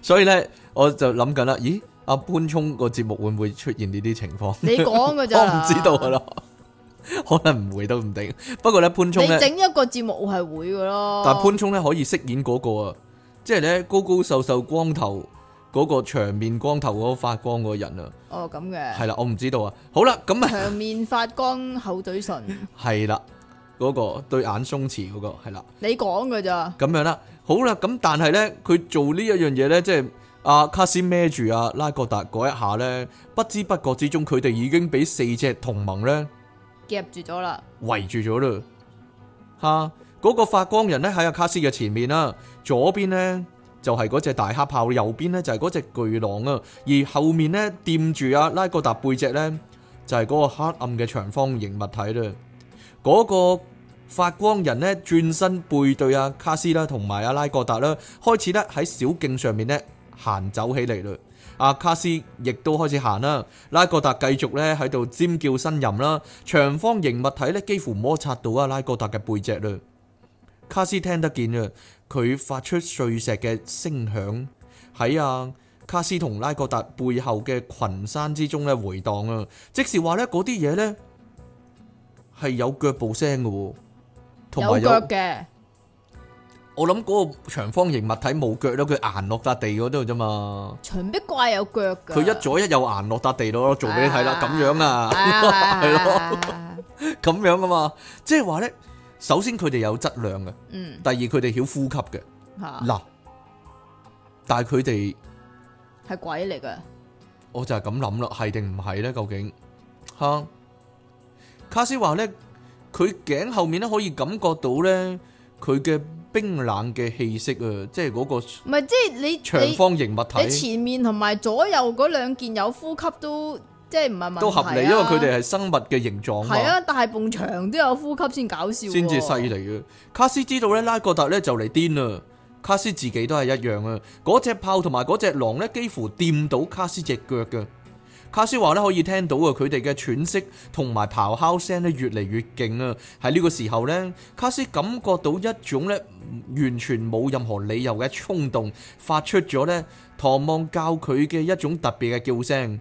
所以咧我就諗緊啦，咦？阿潘聰個節目會唔會出現呢啲情況？你講噶咋？ 我唔知道噶啦。 可能唔會都唔定，不過咧潘聰咧整一個節目係會噶咯。但潘聰咧可以飾演嗰、那個啊，即係咧高高瘦瘦光頭嗰、那個長面光頭嗰個發光嗰個人啊。哦，咁嘅係啦，我唔知道啊。好啦，咁啊長面發光厚嘴唇係啦，嗰、 那個對眼鬆弛嗰、那個係啦。你講噶咋？咁樣啦，好啦，咁但係咧，佢做呢一樣嘢咧，即係阿、啊、卡斯孭住阿拉各達嗰一下咧，不知不覺之中，佢哋已經俾四隻同盟咧。入住咗啦，圍住咗啦，吓、那、嗰個發光人咧喺阿卡斯嘅前面啦，左邊呢就係、是、嗰隻大黑豹，右邊呢就係、是、嗰隻巨狼啊，而後面呢，掂住阿拉哥達背脊呢，就係、是、嗰個黑暗嘅長方形物體啦，嗰、那個發光人呢，轉身背對阿卡斯啦，同埋阿拉哥達啦，開始咧喺小徑上面咧行走，走起嚟咯。阿、啊、卡斯亦都開始行啦，拉哥達繼續咧喺度尖叫呻吟啦，長方形物體咧幾乎摩擦到阿拉哥達嘅背脊嘞。卡斯聽得見嘅，佢發出碎石嘅聲響喺啊，卡斯同拉哥達背後嘅群山之中咧回盪啊，即是話咧嗰啲嘢咧係有腳步聲嘅喎，同埋有，有。有腳我諗嗰個長方形物體冇腳咯，佢行落笪地嗰度啫嘛。長臂怪有腳噶。佢一左一右行落笪地咯，做俾你睇啦，咁樣啊，係咯，咁樣噶嘛。即係話咧，首先佢哋有質量嘅，嗯。第二佢哋曉呼吸嘅，嗱，但係佢哋係鬼嚟噶。我就係咁諗啦，係定唔係咧？究竟吓？卡斯話咧，佢頸後面咧可以感覺到咧，佢嘅。冰冷嘅氣息啊，即係嗰個唔係即係你長方形物體，你，你，你前面同埋左右嗰兩件有呼吸都即係唔係問題、啊、都合理，因為佢哋係生物嘅形狀。係啊，大半牆都有呼吸先搞笑先至犀利啊！卡斯知道咧，拉哥達咧就嚟癲啦，卡斯自己都係一樣啊！嗰隻豹同埋嗰隻狼咧，幾乎掂到卡斯隻腳嘅。卡斯話咧可以聽到啊，佢哋嘅喘息同埋咆哮聲咧越嚟越勁啊！喺呢個時候咧，卡斯感覺到一種咧完全冇任何理由嘅衝動，發出咗咧，唐望教佢嘅一種特別嘅叫聲，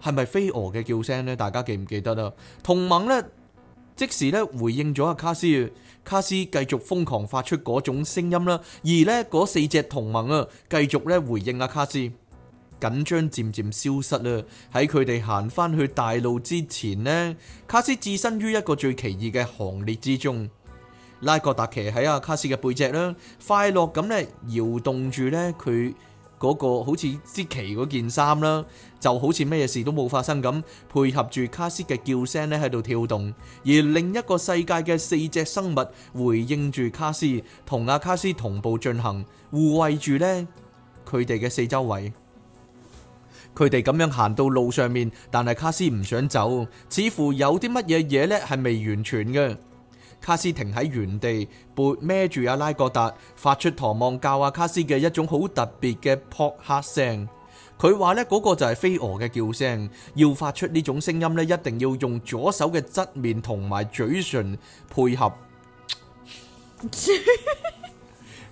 係咪飛蛾嘅叫聲呢？大家記唔記得啊？同盟呢，即時咧回應咗阿卡斯，卡斯繼續瘋狂發出嗰種聲音啦，而呢，嗰四隻同盟啊繼續咧回應阿卡斯。緊張漸漸消失啦！喺佢哋行翻去大路之前呢，卡斯置身於一個最奇異嘅行列之中。拉各達奇喺阿卡斯嘅背脊啦，快樂咁咧搖動住咧佢嗰個好似支旗嗰件衫啦，就好似咩嘢事都冇發生咁，配合住卡斯嘅叫聲咧喺度跳動。而另一個世界嘅四隻生物回應住卡斯，同阿卡斯同步進行，護衛住呢佢哋嘅四周圍。佢哋咁樣行到路上面，但係卡斯唔想走，似乎有啲乜嘢嘢呢係未完全嘅。卡斯停喺原地，背孭住阿拉格達，發出唐望教阿、啊、卡斯嘅一種好特別嘅撲克聲。佢話呢嗰個就係飛蛾嘅叫聲，要發出呢種聲音呢，一定要用左手嘅側面同埋嘴唇配合，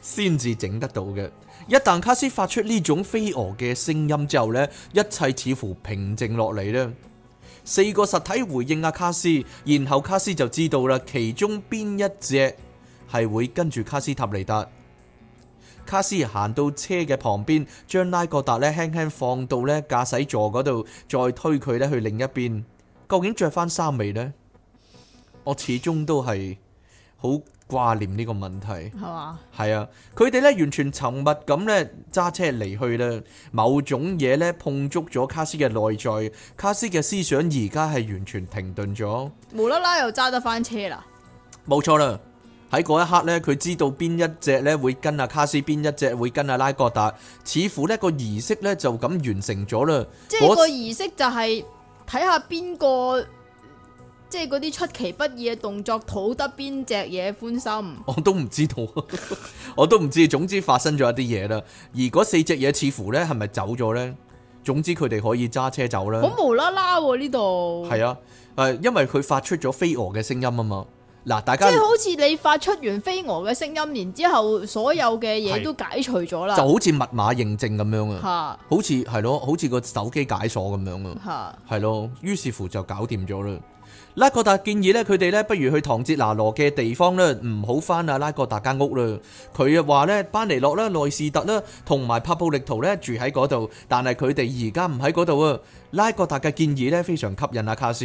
先至整得到嘅。一旦卡斯發出呢種飛蛾嘅聲音之後呢，一切似乎平靜落嚟呢，四個實體回應阿、啊、卡斯，然後卡斯就知道啦，其中邊一隻係會跟住卡斯塔尼達。卡斯行到車嘅旁邊，將拉各達咧輕，輕輕放到呢駕駛座嗰度，再推佢咧去另一邊。究竟着翻衫未呢？我始終都係好。掛念呢個問題係嘛？係啊吧，佢哋咧完全沉默咁咧揸車離去啦。某種嘢咧碰觸咗卡斯嘅內在，卡斯嘅思想而家係完全停頓咗。無啦啦又揸得返車啦！冇錯啦，喺嗰一刻咧，佢知道邊一隻咧會跟阿卡斯，邊一隻會跟阿拉哥達，似乎呢個儀式咧就咁完成咗啦。即係個儀式就係睇下邊個。即係嗰啲出其不意嘅動作，討得邊隻嘢歡心？我都唔知道， 我都唔知。總之發生咗一啲嘢啦。而嗰四隻嘢似乎咧係咪走咗咧？總之佢哋可以揸車走啦。好無啦啦，呢度係啊，誒、啊，因為佢發出咗飛蛾嘅聲音啊嘛。嗱，大家即係好似你發出完飛蛾嘅聲音，然之後所有嘅嘢都解除咗啦。就好似密碼認證咁樣啊的，好似係咯，好似個手機解鎖咁樣啊，係咯，於是乎就搞掂咗啦。拉格達建議咧，佢哋咧不如去唐哲拿羅嘅地方咧，唔好翻阿拉格達間屋啦。佢啊話咧，班尼諾啦、內士特啦，同埋帕布力圖咧住喺嗰度，但係佢哋而家唔喺嗰度啊。拉格達嘅建議咧非常吸引阿卡斯。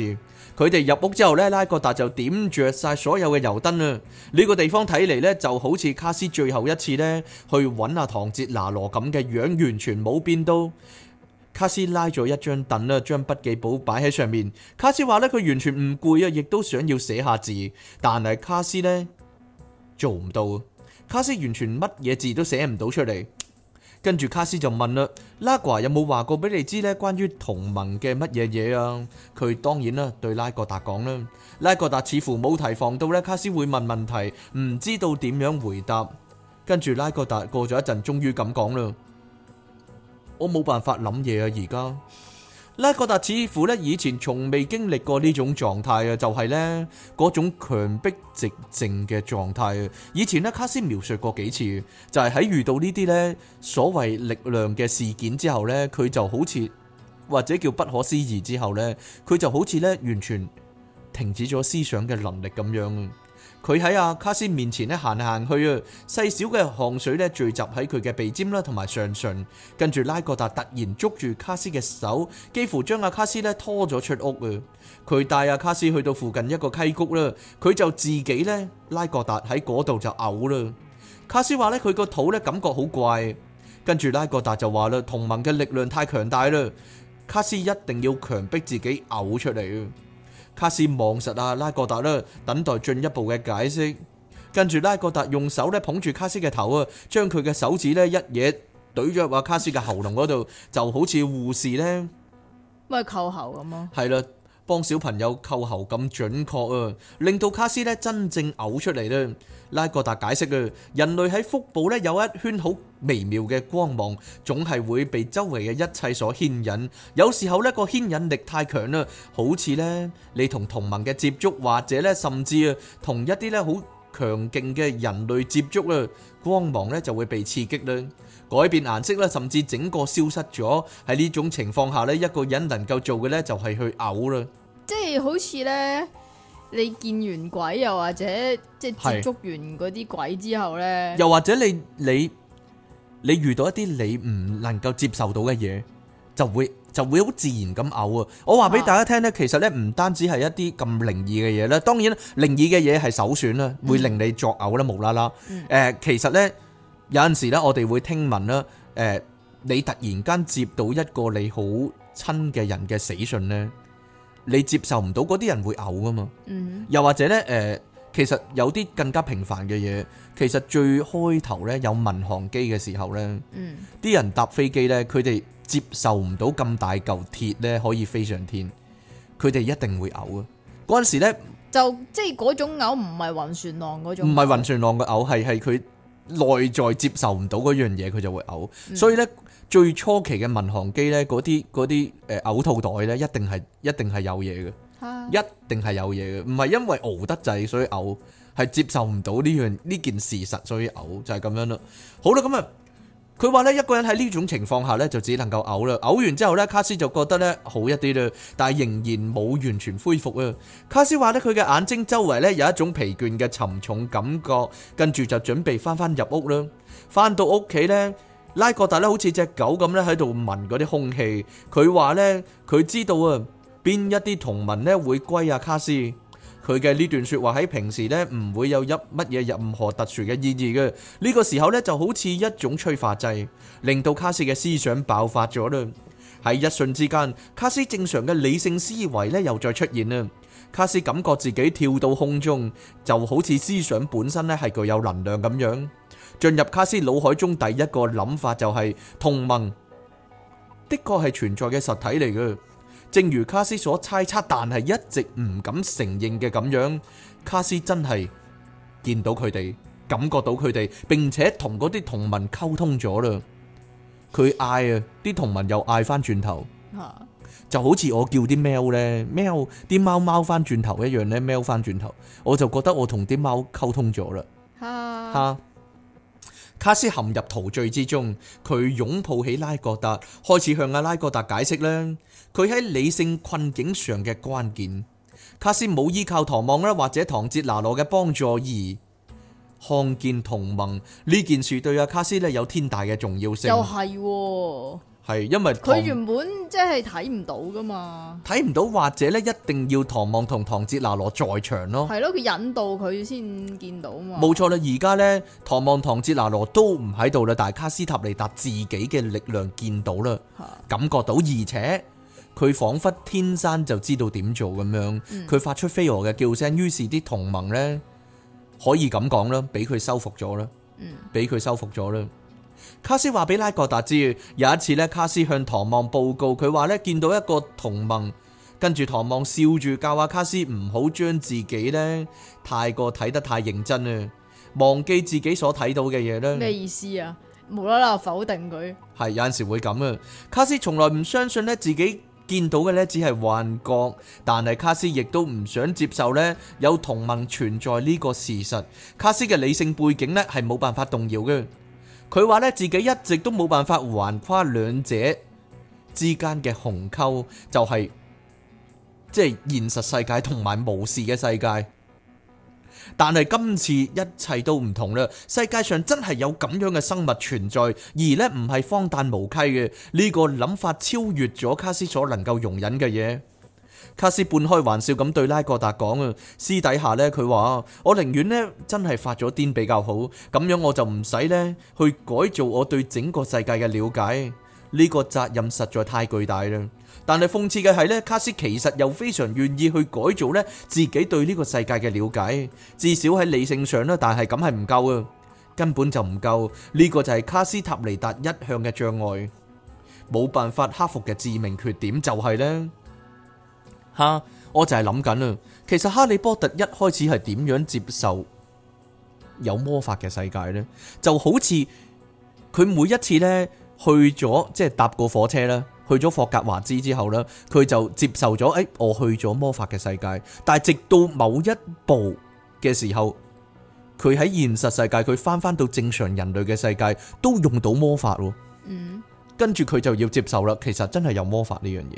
佢哋入屋之後咧，拉格達就點着晒所有嘅油燈啊。呢個地方睇嚟咧就好似卡斯最後一次咧去揾阿唐哲拿羅咁嘅樣，完全冇變到。卡斯拉咗一張凳咧，將筆記簿擺喺上面。卡斯話咧佢完全唔攰啊，亦都想要寫下字，但係卡斯咧做唔到。卡斯完全乜嘢字都寫唔到出嚟。跟住卡斯就問啦，拉瓜有冇話過俾你知咧關於同盟嘅乜嘢嘢啊？佢當然啦，對拉格達講啦。拉格達似乎冇提防到咧卡斯會問問題，唔知道點樣回答。跟住拉格達過咗一陣，終於咁講啦。我冇辦法諗嘢啊！而家，拉格達似乎咧以前從未經歷過呢種狀態啊，就係呢嗰種強迫寂靜嘅狀態。以前呢，卡斯描述過幾次，就係、是、喺遇到呢啲呢所謂力量嘅事件之後呢，佢就好似或者叫不可思議之後呢，佢就好似呢完全停止咗思想嘅能力咁樣。佢喺阿卡斯面前咧行行去啊，細小嘅汗水咧聚集喺佢嘅鼻尖啦，同埋上唇。跟住拉格達突然捉住卡斯嘅手，幾乎將阿卡斯咧拖咗出屋啊！佢帶阿卡斯去到附近一個溪谷啦，佢就自己咧拉格達喺嗰度就嘔啦。卡斯話咧佢個肚咧感覺好怪，跟住拉格達就話啦，同盟嘅力量太強大啦，卡斯一定要強迫自己嘔出嚟。卡斯望實阿拉各達啦，等待進一步嘅解釋。跟住拉各達用手咧捧住卡斯嘅頭啊，將佢嘅手指咧一嘢懟咗入卡斯嘅喉嚨嗰度， 就好似護士咧，咪扣喉咁咯。係啦，幫小朋友扣喉咁準確啊，令到卡斯咧真正嘔出嚟啦。拉哥達解釋，啊，人類喺腹部咧有一圈好微妙嘅光芒，總係會被周圍嘅一切所牽引。有時候呢個牽引力太強啦，好似呢你同同盟嘅接觸，或者呢甚至啊同一啲呢好強勁嘅人類接觸啊，光芒呢就會被刺激啦，改變顏色啦，甚至整個消失咗。喺呢種情況下呢，一個人能夠做嘅呢，就係去嘔啦。即係好似呢。你見完鬼又或者即係接觸完嗰啲鬼之後咧，又或者你你你遇到一啲你唔能夠接受到嘅嘢，就會就會好自然咁嘔啊！我話俾大家聽咧，其實咧唔單止係一啲咁靈異嘅嘢啦，當然啦，靈異嘅嘢係首選啦，會令你作嘔啦，無啦啦。誒，其實咧有陣時咧，我哋會聽聞啦，誒，你突然間接到一個你好親嘅人嘅死訊咧。你接受唔到嗰啲人會嘔㗎嘛？嗯，又或者呢，誒，其實有啲更加平凡嘅嘢，其實最開頭呢有民航機嘅時候呢，嗯，啲人搭飛機呢，佢哋接受唔到咁大嚿鐵呢，可以飛上天，佢哋一定會嘔嘅。嗰陣時呢，就即係嗰種嘔唔係暈船浪嗰種，唔係暈船浪嘅嘔係係佢，內在接受唔到嗰樣嘢，佢就會嘔。所以呢，嗯、最初期嘅民航機呢，嗰啲嗰啲誒嘔吐袋呢，一定係、啊、一定係有嘢嘅，一定係有嘢嘅，唔係因為嘔得滯所以嘔，係接受唔到呢樣呢件事實所以嘔，就係、是、咁樣咯。好啦，咁啊。佢話咧一個人喺呢種情況下咧就只能夠嘔啦，嘔完之後咧卡斯就覺得咧好一啲啦，但係仍然冇完全恢復啊。卡斯話咧佢嘅眼睛周圍咧有一種疲倦嘅沉重感覺，跟住就準備翻翻入屋啦。翻到屋企咧，拉哥達咧好似隻狗咁咧喺度聞嗰啲空氣。佢話咧佢知道啊，邊一啲同盟咧會歸啊卡斯。佢嘅呢段說話喺平時呢唔會有一乜嘢任何特殊嘅意義嘅，呢、這個時候呢就好似一種催化劑，令到卡斯嘅思想爆發咗啦。喺一瞬之間，卡斯正常嘅理性思維呢又再出現啦。卡斯感覺自己跳到空中，就好似思想本身呢係具有能量咁樣。進入卡斯腦海中第一個諗法就係、是、同盟，的確係存在嘅實體嚟嘅。正如卡斯所猜測，但係一直唔敢承認嘅咁樣，卡斯真係見到佢哋，感覺到佢哋，並且同嗰啲同盟溝通咗啦。佢嗌啊，啲同盟又嗌返轉頭，哈就好似我叫啲喵呢，喵，啲貓貓返轉頭一樣呢，喵返轉頭，我就覺得我同啲貓溝通咗啦，吓哈。哈卡斯陷入陶醉之中，佢擁抱起拉各達，開始向阿拉各達解釋咧，佢喺理性困境上嘅關鍵。卡斯冇依靠唐望啦，或者唐哲拿羅嘅幫助而看見同盟呢件事對阿卡斯呢有天大嘅重要性。又係、哦。係因為佢原本即係睇唔到噶嘛，睇唔到或者咧一定要唐望同唐哲拿羅在場咯，係咯，佢引導佢先見到嘛，冇錯啦。而家呢，唐望唐哲拿羅都唔喺度啦，但係卡斯塔尼達自己嘅力量見到啦，的感覺到，而且佢仿佛天生就知道點做咁樣，佢、嗯、發出飛蛾嘅叫聲，於是啲同盟呢，可以咁講啦，俾佢收服咗啦，嗯，俾佢收服咗啦。卡斯話俾拉各達知，有一次咧，卡斯向唐望報告，佢話咧見到一個同盟。跟住唐望笑住教下卡斯唔好將自己咧太過睇得太認真啊，忘記自己所睇到嘅嘢啦。咩意思啊？無啦啦否定佢？係，有陣時會咁啊。卡斯從來唔相信咧自己見到嘅咧只係幻覺，但係卡斯亦都唔想接受咧有同盟存在呢個事實。卡斯嘅理性背景咧係冇辦法動搖嘅。佢話咧，自己一直都冇辦法橫跨兩者之間嘅鴻溝，就係、是、即係現實世界同埋巫士嘅世界。但係今次一切都唔同啦，世界上真係有咁樣嘅生物存在，而呢唔係荒誕無稽嘅呢、這個諗法，超越咗卡斯所能夠容忍嘅嘢。卡斯半開玩笑咁對拉格達講啊，私底下呢，佢話我寧願呢真係發咗癲比較好，咁樣我就唔使呢去改造我對整個世界嘅了解，呢個責任實在太巨大啦。但係諷刺嘅係呢，卡斯其實又非常願意去改造呢自己對呢個世界嘅了解，至少喺理性上呢，但係咁係唔夠啊，根本就唔夠。呢個就係卡斯塔尼達一向嘅障礙，冇辦法克服嘅致命缺點就係呢。哈，我就係諗緊啦。其實哈利波特一開始係點樣接受有魔法嘅世界呢？就好似佢每一次咧去咗即係搭過火車啦，去咗霍格華茲之，之後咧，佢就接受咗。誒、哎，我去咗魔法嘅世界，但係直到某一步嘅時候，佢喺現實世界佢翻翻到正常人類嘅世界，都用到魔法咯。嗯，跟住佢就要接受啦。其實真係有魔法呢樣嘢。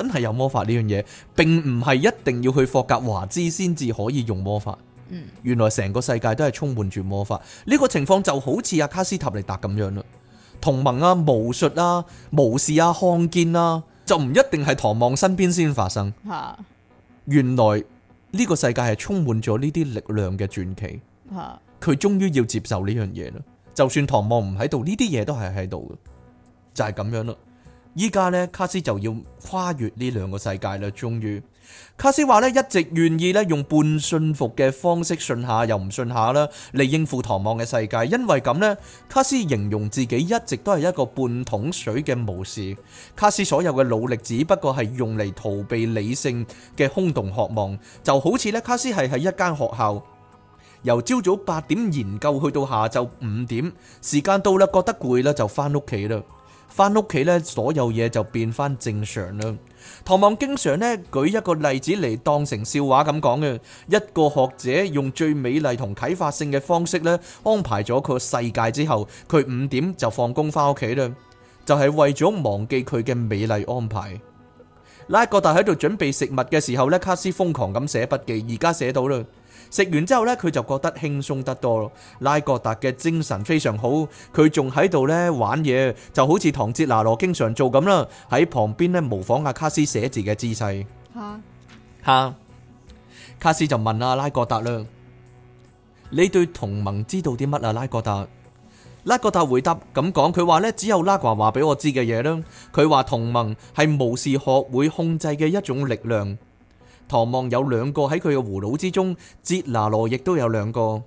真係有魔法呢樣嘢，並唔係一定要去霍格華茲先至可以用魔法。嗯，原來成個世界都係充滿住魔法。呢個情況就好似阿卡斯塔利達咁樣啦，同盟啊、巫術啊、巫士啊、看見啊，就唔一定係唐望身邊先發生。嚇哈！原來呢個世界係充滿咗呢啲力量嘅傳奇。佢哈終於要接受呢樣嘢啦。就算唐望唔喺度，呢啲嘢都係喺度嘅，就係咁樣啦。依家咧，卡斯就要跨越呢兩個世界啦。終於，卡斯話咧，一直願意咧用半信服嘅方式信下又唔信下啦，嚟應付唐望嘅世界。因為咁呢，卡斯形容自己一直都係一個半桶水嘅模式。卡斯所有嘅努力只不過係用嚟逃避理性嘅空洞渴望。就好似咧，卡斯係喺一間學校，由朝早八點研究去到下晝五點，時間到啦，覺得攰啦，就翻屋企啦。翻屋企咧，所有嘢就變翻正常啦。唐望經常咧舉一個例子嚟當成笑話咁講嘅，一個學者用最美麗同啟發性嘅方式咧安排咗佢個世界之後，佢五點就放工翻屋企啦，就係為咗忘記佢嘅美麗安排。拉各達喺度準備食物嘅時候呢，卡斯瘋狂咁寫筆記，而家寫到啦。食完之後呢，佢就覺得輕鬆得多咯。拉各達嘅精神非常好，佢仲喺度呢玩嘢，就好似唐哲拿羅經常做咁啦，喺旁邊呢模仿阿卡斯寫字嘅姿勢。吓吓，卡斯就問阿拉各達啦：「你對同盟知道啲乜啊？拉各達？拉哥特回答咁講，佢話咧，只有拉瓜話俾我知嘅嘢啦。佢話同盟係巫士學會控制嘅一種力量。唐望有兩個喺佢嘅葫蘆之中，捷拿羅亦都有兩個。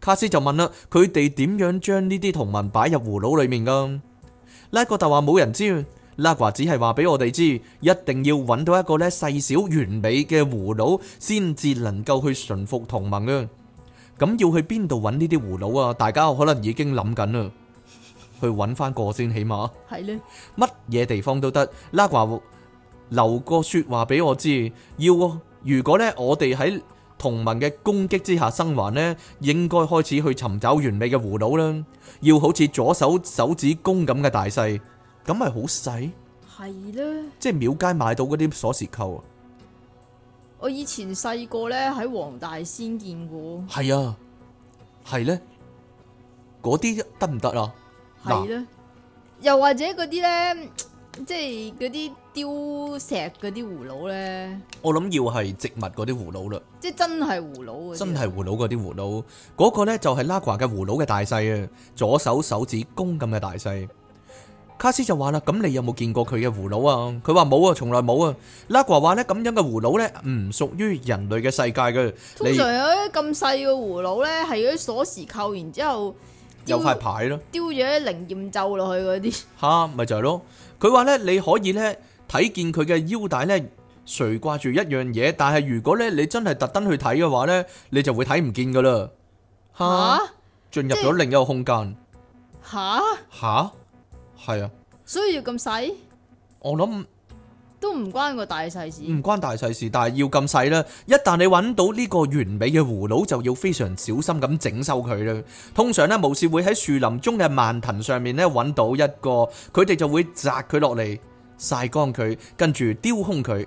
卡斯就問啦，佢哋點樣將呢啲同盟擺入葫蘆裏面噶？拉哥特話冇人知，拉瓜只係話俾我哋知，一定要揾到一個呢細小完美嘅葫蘆，先至能夠去馴服同盟啊。」咁要去邊度揾呢啲葫蘆啊？大家可能已經諗緊啦，去揾翻個先，起碼係咧，乜嘢地方都得。拉華留個說話俾我知，要如果咧我哋喺同盟嘅攻擊之下生還咧，應該開始去尋找完美嘅葫蘆啦。要好似左手手指公咁嘅大細，咁咪好細，係咧，即係廟街買到嗰啲鎖匙扣。我以前細個咧喺黃大仙見過，係啊，係咧，嗰啲得唔得啊？係咧，啊、又或者嗰啲咧，即係嗰啲雕石嗰啲葫蘆咧，我諗要係植物嗰啲葫蘆啦，即係真係葫蘆，真係葫蘆嗰啲葫蘆，嗰、嗰個咧就係拉華嘅葫蘆嘅大細啊，左手手指公咁嘅大細。卡斯就話啦，咁你有冇見過佢嘅葫蘆啊？佢話冇啊，從來冇啊。拉華話咧，咁樣嘅葫蘆咧，唔屬於人類嘅世界嘅。通常有啲咁細嘅葫蘆咧，係嗰啲鎖匙扣，然之後有塊牌咯，丟咗啲靈驗咒落去嗰啲。吓，咪就係咯。佢話咧，你可以咧睇見佢嘅腰帶咧，垂掛住一樣嘢。但係如果咧你真係特登去睇嘅話咧，你就會睇唔見噶啦。吓，進入咗另一個空間。吓吓。係啊，所以要咁細，我諗想都唔關個大細事，唔關大細事，但係要咁細啦。一旦你揾到呢個完美嘅葫蘆，就要非常小心咁整修佢咧。通常呢，巫士會喺樹林中嘅蔓藤上面揾到一個，佢哋就會摘佢落嚟晒乾佢，跟住雕空佢。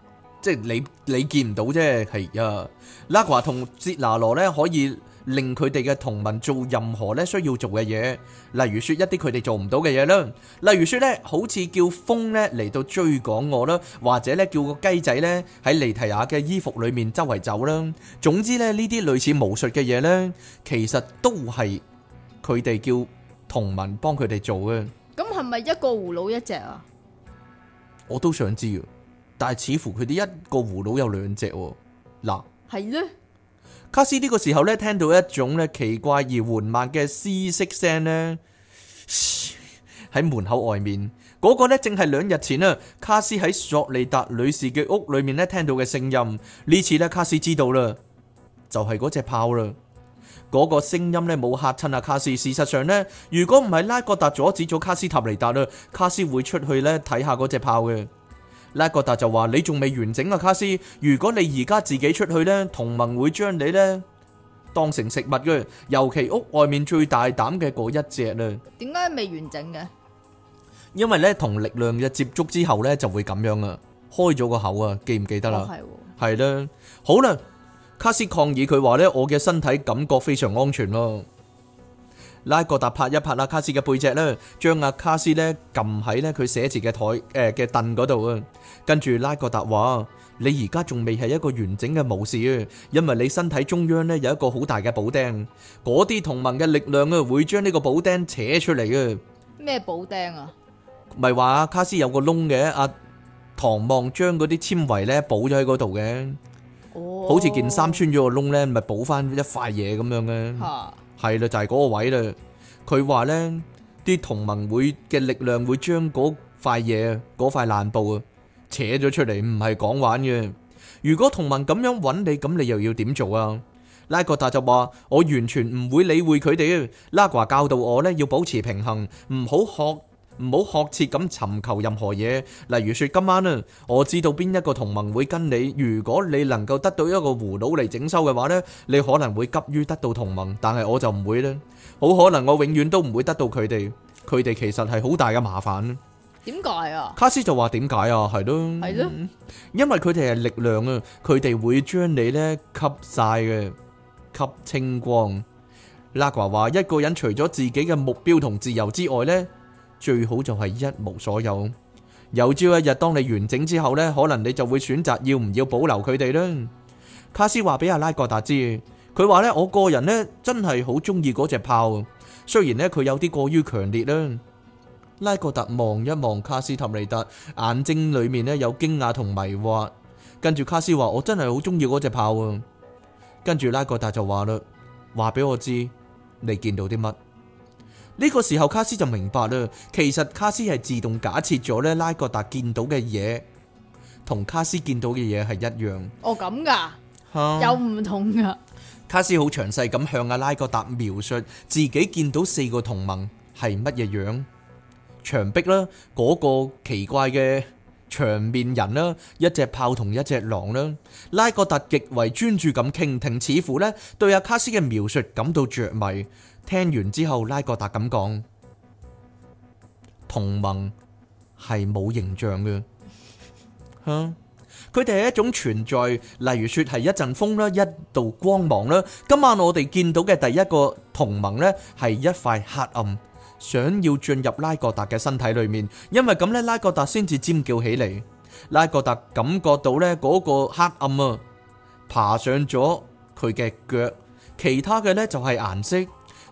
即係你你見唔到啫，係啊。拉瓜同捷拿羅咧可以令佢哋嘅同盟做任何咧需要做嘅嘢，例如說一啲佢哋做唔到嘅嘢啦，例如說咧好似叫風咧嚟到追趕我啦，或者咧叫個雞仔咧喺尼提亞嘅衣服裏面周圍走啦。總之咧呢啲類似巫術嘅嘢咧，其實都係佢哋叫同盟幫佢哋做嘅。咁係咪一個葫蘆一隻啊？我都想知啊。但係似乎佢哋一個葫蘆有兩隻喎，嗱係咧。的卡斯呢個時候咧聽到一種咧奇怪而緩慢嘅嘶息聲咧，喺門口外面嗰、那個呢，正係兩日前啊卡斯喺索利達女士嘅屋裏面咧聽到嘅聲音。呢次呢，卡斯知道啦，就係、是、嗰隻炮啦。嗰、那個聲音呢，冇嚇親啊卡斯。事實上呢，如果唔係拉各達阻止咗卡斯塔尼達啦，卡斯會出去呢睇下嗰隻炮嘅。拉哥達就話：你仲未完整啊，卡斯！如果你而家自己出去咧，同盟會將你咧當成食物嘅，尤其屋外面最大膽嘅嗰一隻咧。點解未完整嘅？因為咧同力量嘅接觸之後咧就會咁樣啊，開咗個口啊，記唔記得啦？係啦，好啦。卡斯抗議佢話咧，我嘅身體感覺非常安全咯。拉哥達拍一拍阿卡斯嘅背脊咧，將阿卡斯咧撳喺咧佢寫字嘅台誒嘅凳嗰度啊。跟住拉個答話，你而家仲未係一個完整嘅巫士，因為你身體中央咧有一個好大嘅補丁。嗰啲同盟嘅力量啊，會將呢個補丁扯出嚟嘅。咩補丁啊？咪話阿卡斯有個窿嘅，阿唐望將嗰啲纖維咧補咗喺嗰度嘅，好似件衫穿咗個窿咧，咪補翻一塊嘢咁樣嘅。係啦，就係嗰個位啦。佢話咧，啲同盟會嘅力量會將嗰塊嘢，嗰塊爛布啊。扯咗出嚟唔係講玩嘅，如果同盟咁樣揾你，咁你又要點做啊？拉各達就話：我完全唔會理會佢哋。拉瓜教導我呢，要保持平衡，唔好學唔好學切咁尋求任何嘢。例如說今晚呢，我知道邊一個同盟會跟你。如果你能夠得到一個葫蘆嚟整修嘅話呢，你可能會急於得到同盟，但係我就唔會咧。好可能我永遠都唔會得到佢哋，佢哋其實係好大嘅麻煩。點解啊？卡斯就話點解啊？係咯，係咯，因為佢哋係力量啊，佢哋會將你呢吸晒嘅吸清光。拉華話：一個人除咗自己嘅目標同自由之外呢，最好就係一無所有。有朝一日當你完整之後呢，可能你就會選擇要唔要保留佢哋啦。卡斯話俾阿拉哥達知，佢話呢，我個人呢真係好中意嗰隻炮，雖然呢佢有啲過於強烈啦。拉各達望一望卡斯塔利特，眼睛裡面咧有驚訝同迷惑。跟住卡斯話：我真係好中意嗰隻炮啊！跟住拉各達就話啦：話俾我知你見到啲乜？呢個時候卡斯就明白啦，其實卡斯係自動假設咗呢。拉各達見到嘅嘢同卡斯見到嘅嘢係一樣。哦，咁噶， 有唔同噶。卡斯好詳細咁向阿拉各達描述自己見到四個同盟係乜嘢樣。牆壁啦，嗰個奇怪嘅長面人啦，一隻豹同一隻狼啦，拉格達極為專注咁傾聽，似乎呢對阿卡斯嘅描述感到着迷。聽完之後，拉格達咁講：同盟係冇形象嘅，吓，佢哋係一種存在，例如說係一陣風啦，一道光芒啦。今晚我哋見到嘅第一個同盟呢，係一塊黑暗。想要進入拉格達嘅身體裏面，因為咁呢，拉格達先至尖叫起嚟。拉格達感覺到呢，嗰個黑暗啊，爬上咗佢嘅腳，其他嘅呢就係顏色，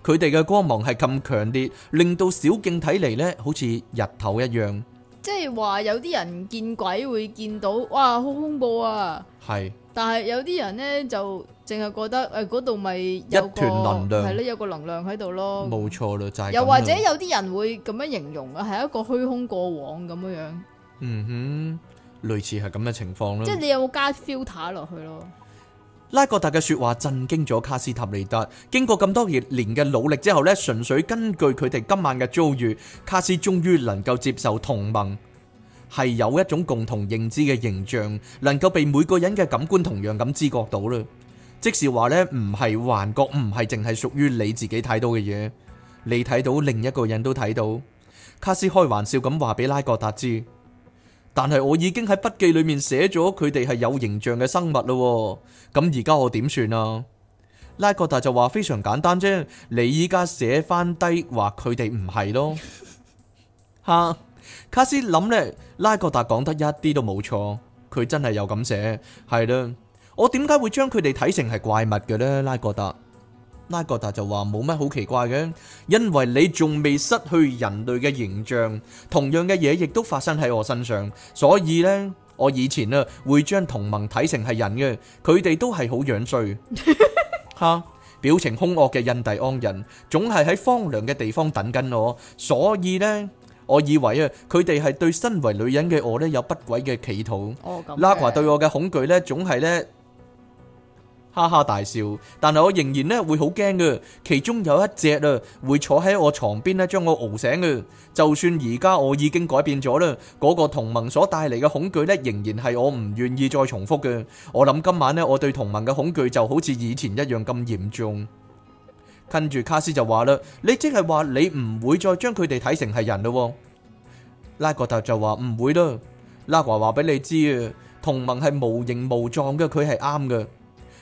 佢哋嘅光芒係咁強烈，令到小徑睇嚟呢好似日頭一樣。即係話有啲人見鬼會見到，哇，好恐怖啊！係是，但係有啲人咧就淨係覺得誒，嗰度咪有一團能量係咧，有個能量喺度咯。冇錯啦，就係、是、又或者有啲人會咁樣形容啊，係一個虛空過往咁樣樣。嗯哼，類似係咁嘅情況咯。即係你有冇加 filter 落去咯？拉各達嘅說話震驚咗卡斯塔尼特。經過咁多年嘅努力之後咧，純粹根據佢哋今晚嘅遭遇，卡斯終於能夠接受同盟係有一種共同認知嘅形象，能夠被每個人嘅感官同樣咁知覺到啦。即是話呢，唔係幻覺，唔係淨係屬於你自己睇到嘅嘢，你睇到另一個人都睇到。卡斯開玩笑咁話俾拉各達知。但係我已經喺筆記裏面寫咗佢哋係有形象嘅生物啦。哦，咁而家我點算啊？拉格達就話非常簡單啫，你依家寫翻低話佢哋唔係咯。吓，卡斯諗呢，拉格達講得一啲都冇錯，佢真係有咁寫，係啦，我點解會將佢哋睇成係怪物嘅呢？拉格達。拉哥達就話冇乜好奇怪嘅，因為你仲未失去人類嘅形象，同樣嘅嘢，亦都發生喺我身上，所以呢，我以前啊會將同盟睇成係人嘅，佢哋都係好樣衰吓，表情凶惡嘅印第安人總係喺荒涼嘅地方等緊我，所以呢，我以為啊佢哋係對身為女人嘅我呢有不軌嘅企圖。拉華對我嘅恐懼呢，總係呢。哈哈大笑，但係我仍然咧會好驚嘅。其中有一隻啊，會坐喺我床邊咧，將我熬醒嘅。就算而家我已經改變咗啦，嗰個同盟所帶嚟嘅恐懼咧，仍然係我唔願意再重複嘅。我諗今晚咧，我對同盟嘅恐懼就好似以前一樣咁嚴重。跟住卡斯就話啦，你即係話你唔會再將佢哋睇成係人咯？拉各達就話唔會啦。拉華話俾你知啊，同盟係無形無狀嘅，佢係啱嘅。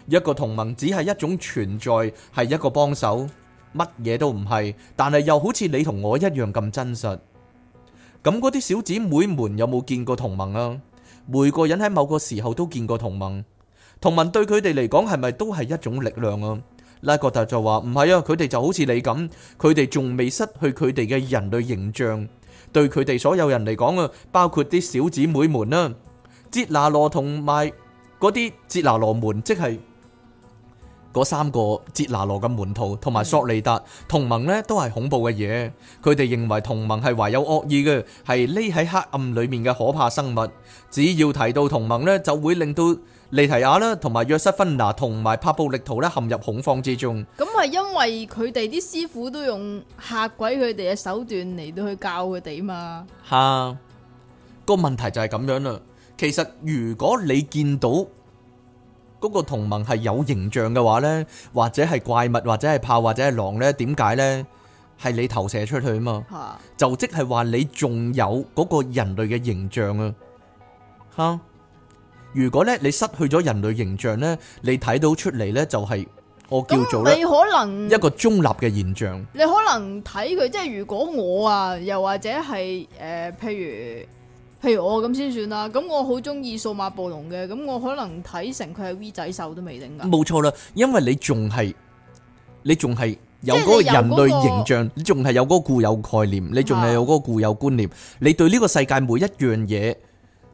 一個同盟只係一種存在，係一個幫手，乜嘢都唔係，但係又好似你同我一樣咁真實。咁嗰啲小姐妹們有冇見過同盟啊？每個人喺某個時候都見過同盟。同盟對佢哋嚟講係咪都係一種力量啊？拉國特就話唔係啊，佢哋就好似你咁，佢哋仲未失去佢哋嘅人類形象。對佢哋所有人嚟講啊，包括啲小姐妹們啦，傑拿羅同埋嗰啲傑拿羅門，即係。嗰三個捷拿羅嘅門徒同埋索利達同盟咧，都係恐怖嘅嘢。佢哋認為同盟係懷有惡意嘅，係匿喺黑暗裏面嘅可怕生物。只要提到同盟咧，就會令到利提亞啦，同埋約瑟芬娜同埋帕布力圖咧，陷入恐慌之中。咁係因為佢哋啲師傅都用吓鬼佢哋嘅手段嚟，到去教佢哋嘛？吓，個問題就係咁樣啦。其實如果你見到，嗰個同盟係有形象嘅話咧，或者係怪物，或者係豹，或者係狼咧，點解咧？係你投射出去啊嘛，就即係話你仲有嗰個人類嘅形象啊吓。如果咧你失去咗人類形象咧，你睇到出嚟咧就係我叫做咧你可能一個中立嘅現象。你可能睇佢，即係如果我啊，又或者係誒，譬如。譬如我咁先算啦，咁我好中意數碼暴龍嘅，咁我可能睇成佢係 V 仔獸都未定噶。冇錯啦，因為你仲係你仲係有嗰個人類形象，你仲係有嗰、那個、個固有概念，你仲係有嗰個固有觀念，的你對呢個世界每一樣嘢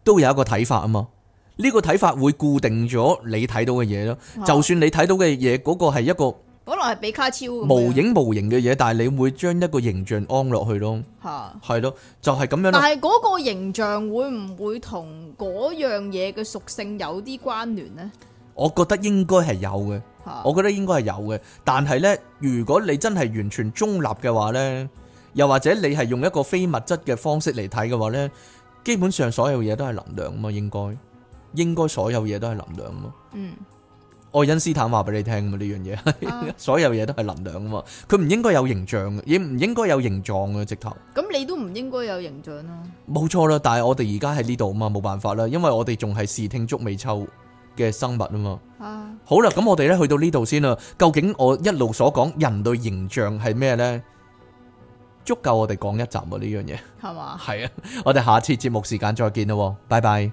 都有一個睇法啊嘛，呢、這個睇法會固定咗你睇到嘅嘢咯，就算你睇到嘅嘢嗰個係一個。本來係比卡超冇影冇形嘅嘢，但係你會將一個形象安落去咯。吓的，係咯，就係、是、咁樣。但係嗰個形象會唔會同嗰樣嘢嘅屬性有啲關聯呢？我覺得應該係有嘅。的我覺得應該係有嘅。但係呢，如果你真係完全中立嘅話呢，又或者你係用一個非物質嘅方式嚟睇嘅話呢，基本上所有嘢都係能量嘛，應該應該所有嘢都係能量嘛。嗯。愛因斯坦話俾你聽啊嘛，呢樣嘢所有嘢都係能量啊嘛，佢唔應該有形象嘅，亦唔應該有形狀嘅直頭。咁你都唔應該有形象啊？冇錯啦，但係我哋而家喺呢度啊嘛，冇辦法啦，因為我哋仲係視聽觸味嗅嘅生物啊嘛。好啦，咁我哋咧去到呢度先啦。究竟我一路所講人類形象係咩呢？足夠我哋講一集啊！呢樣嘢係嘛？係啊，我哋下次節目時間再見啦，拜拜。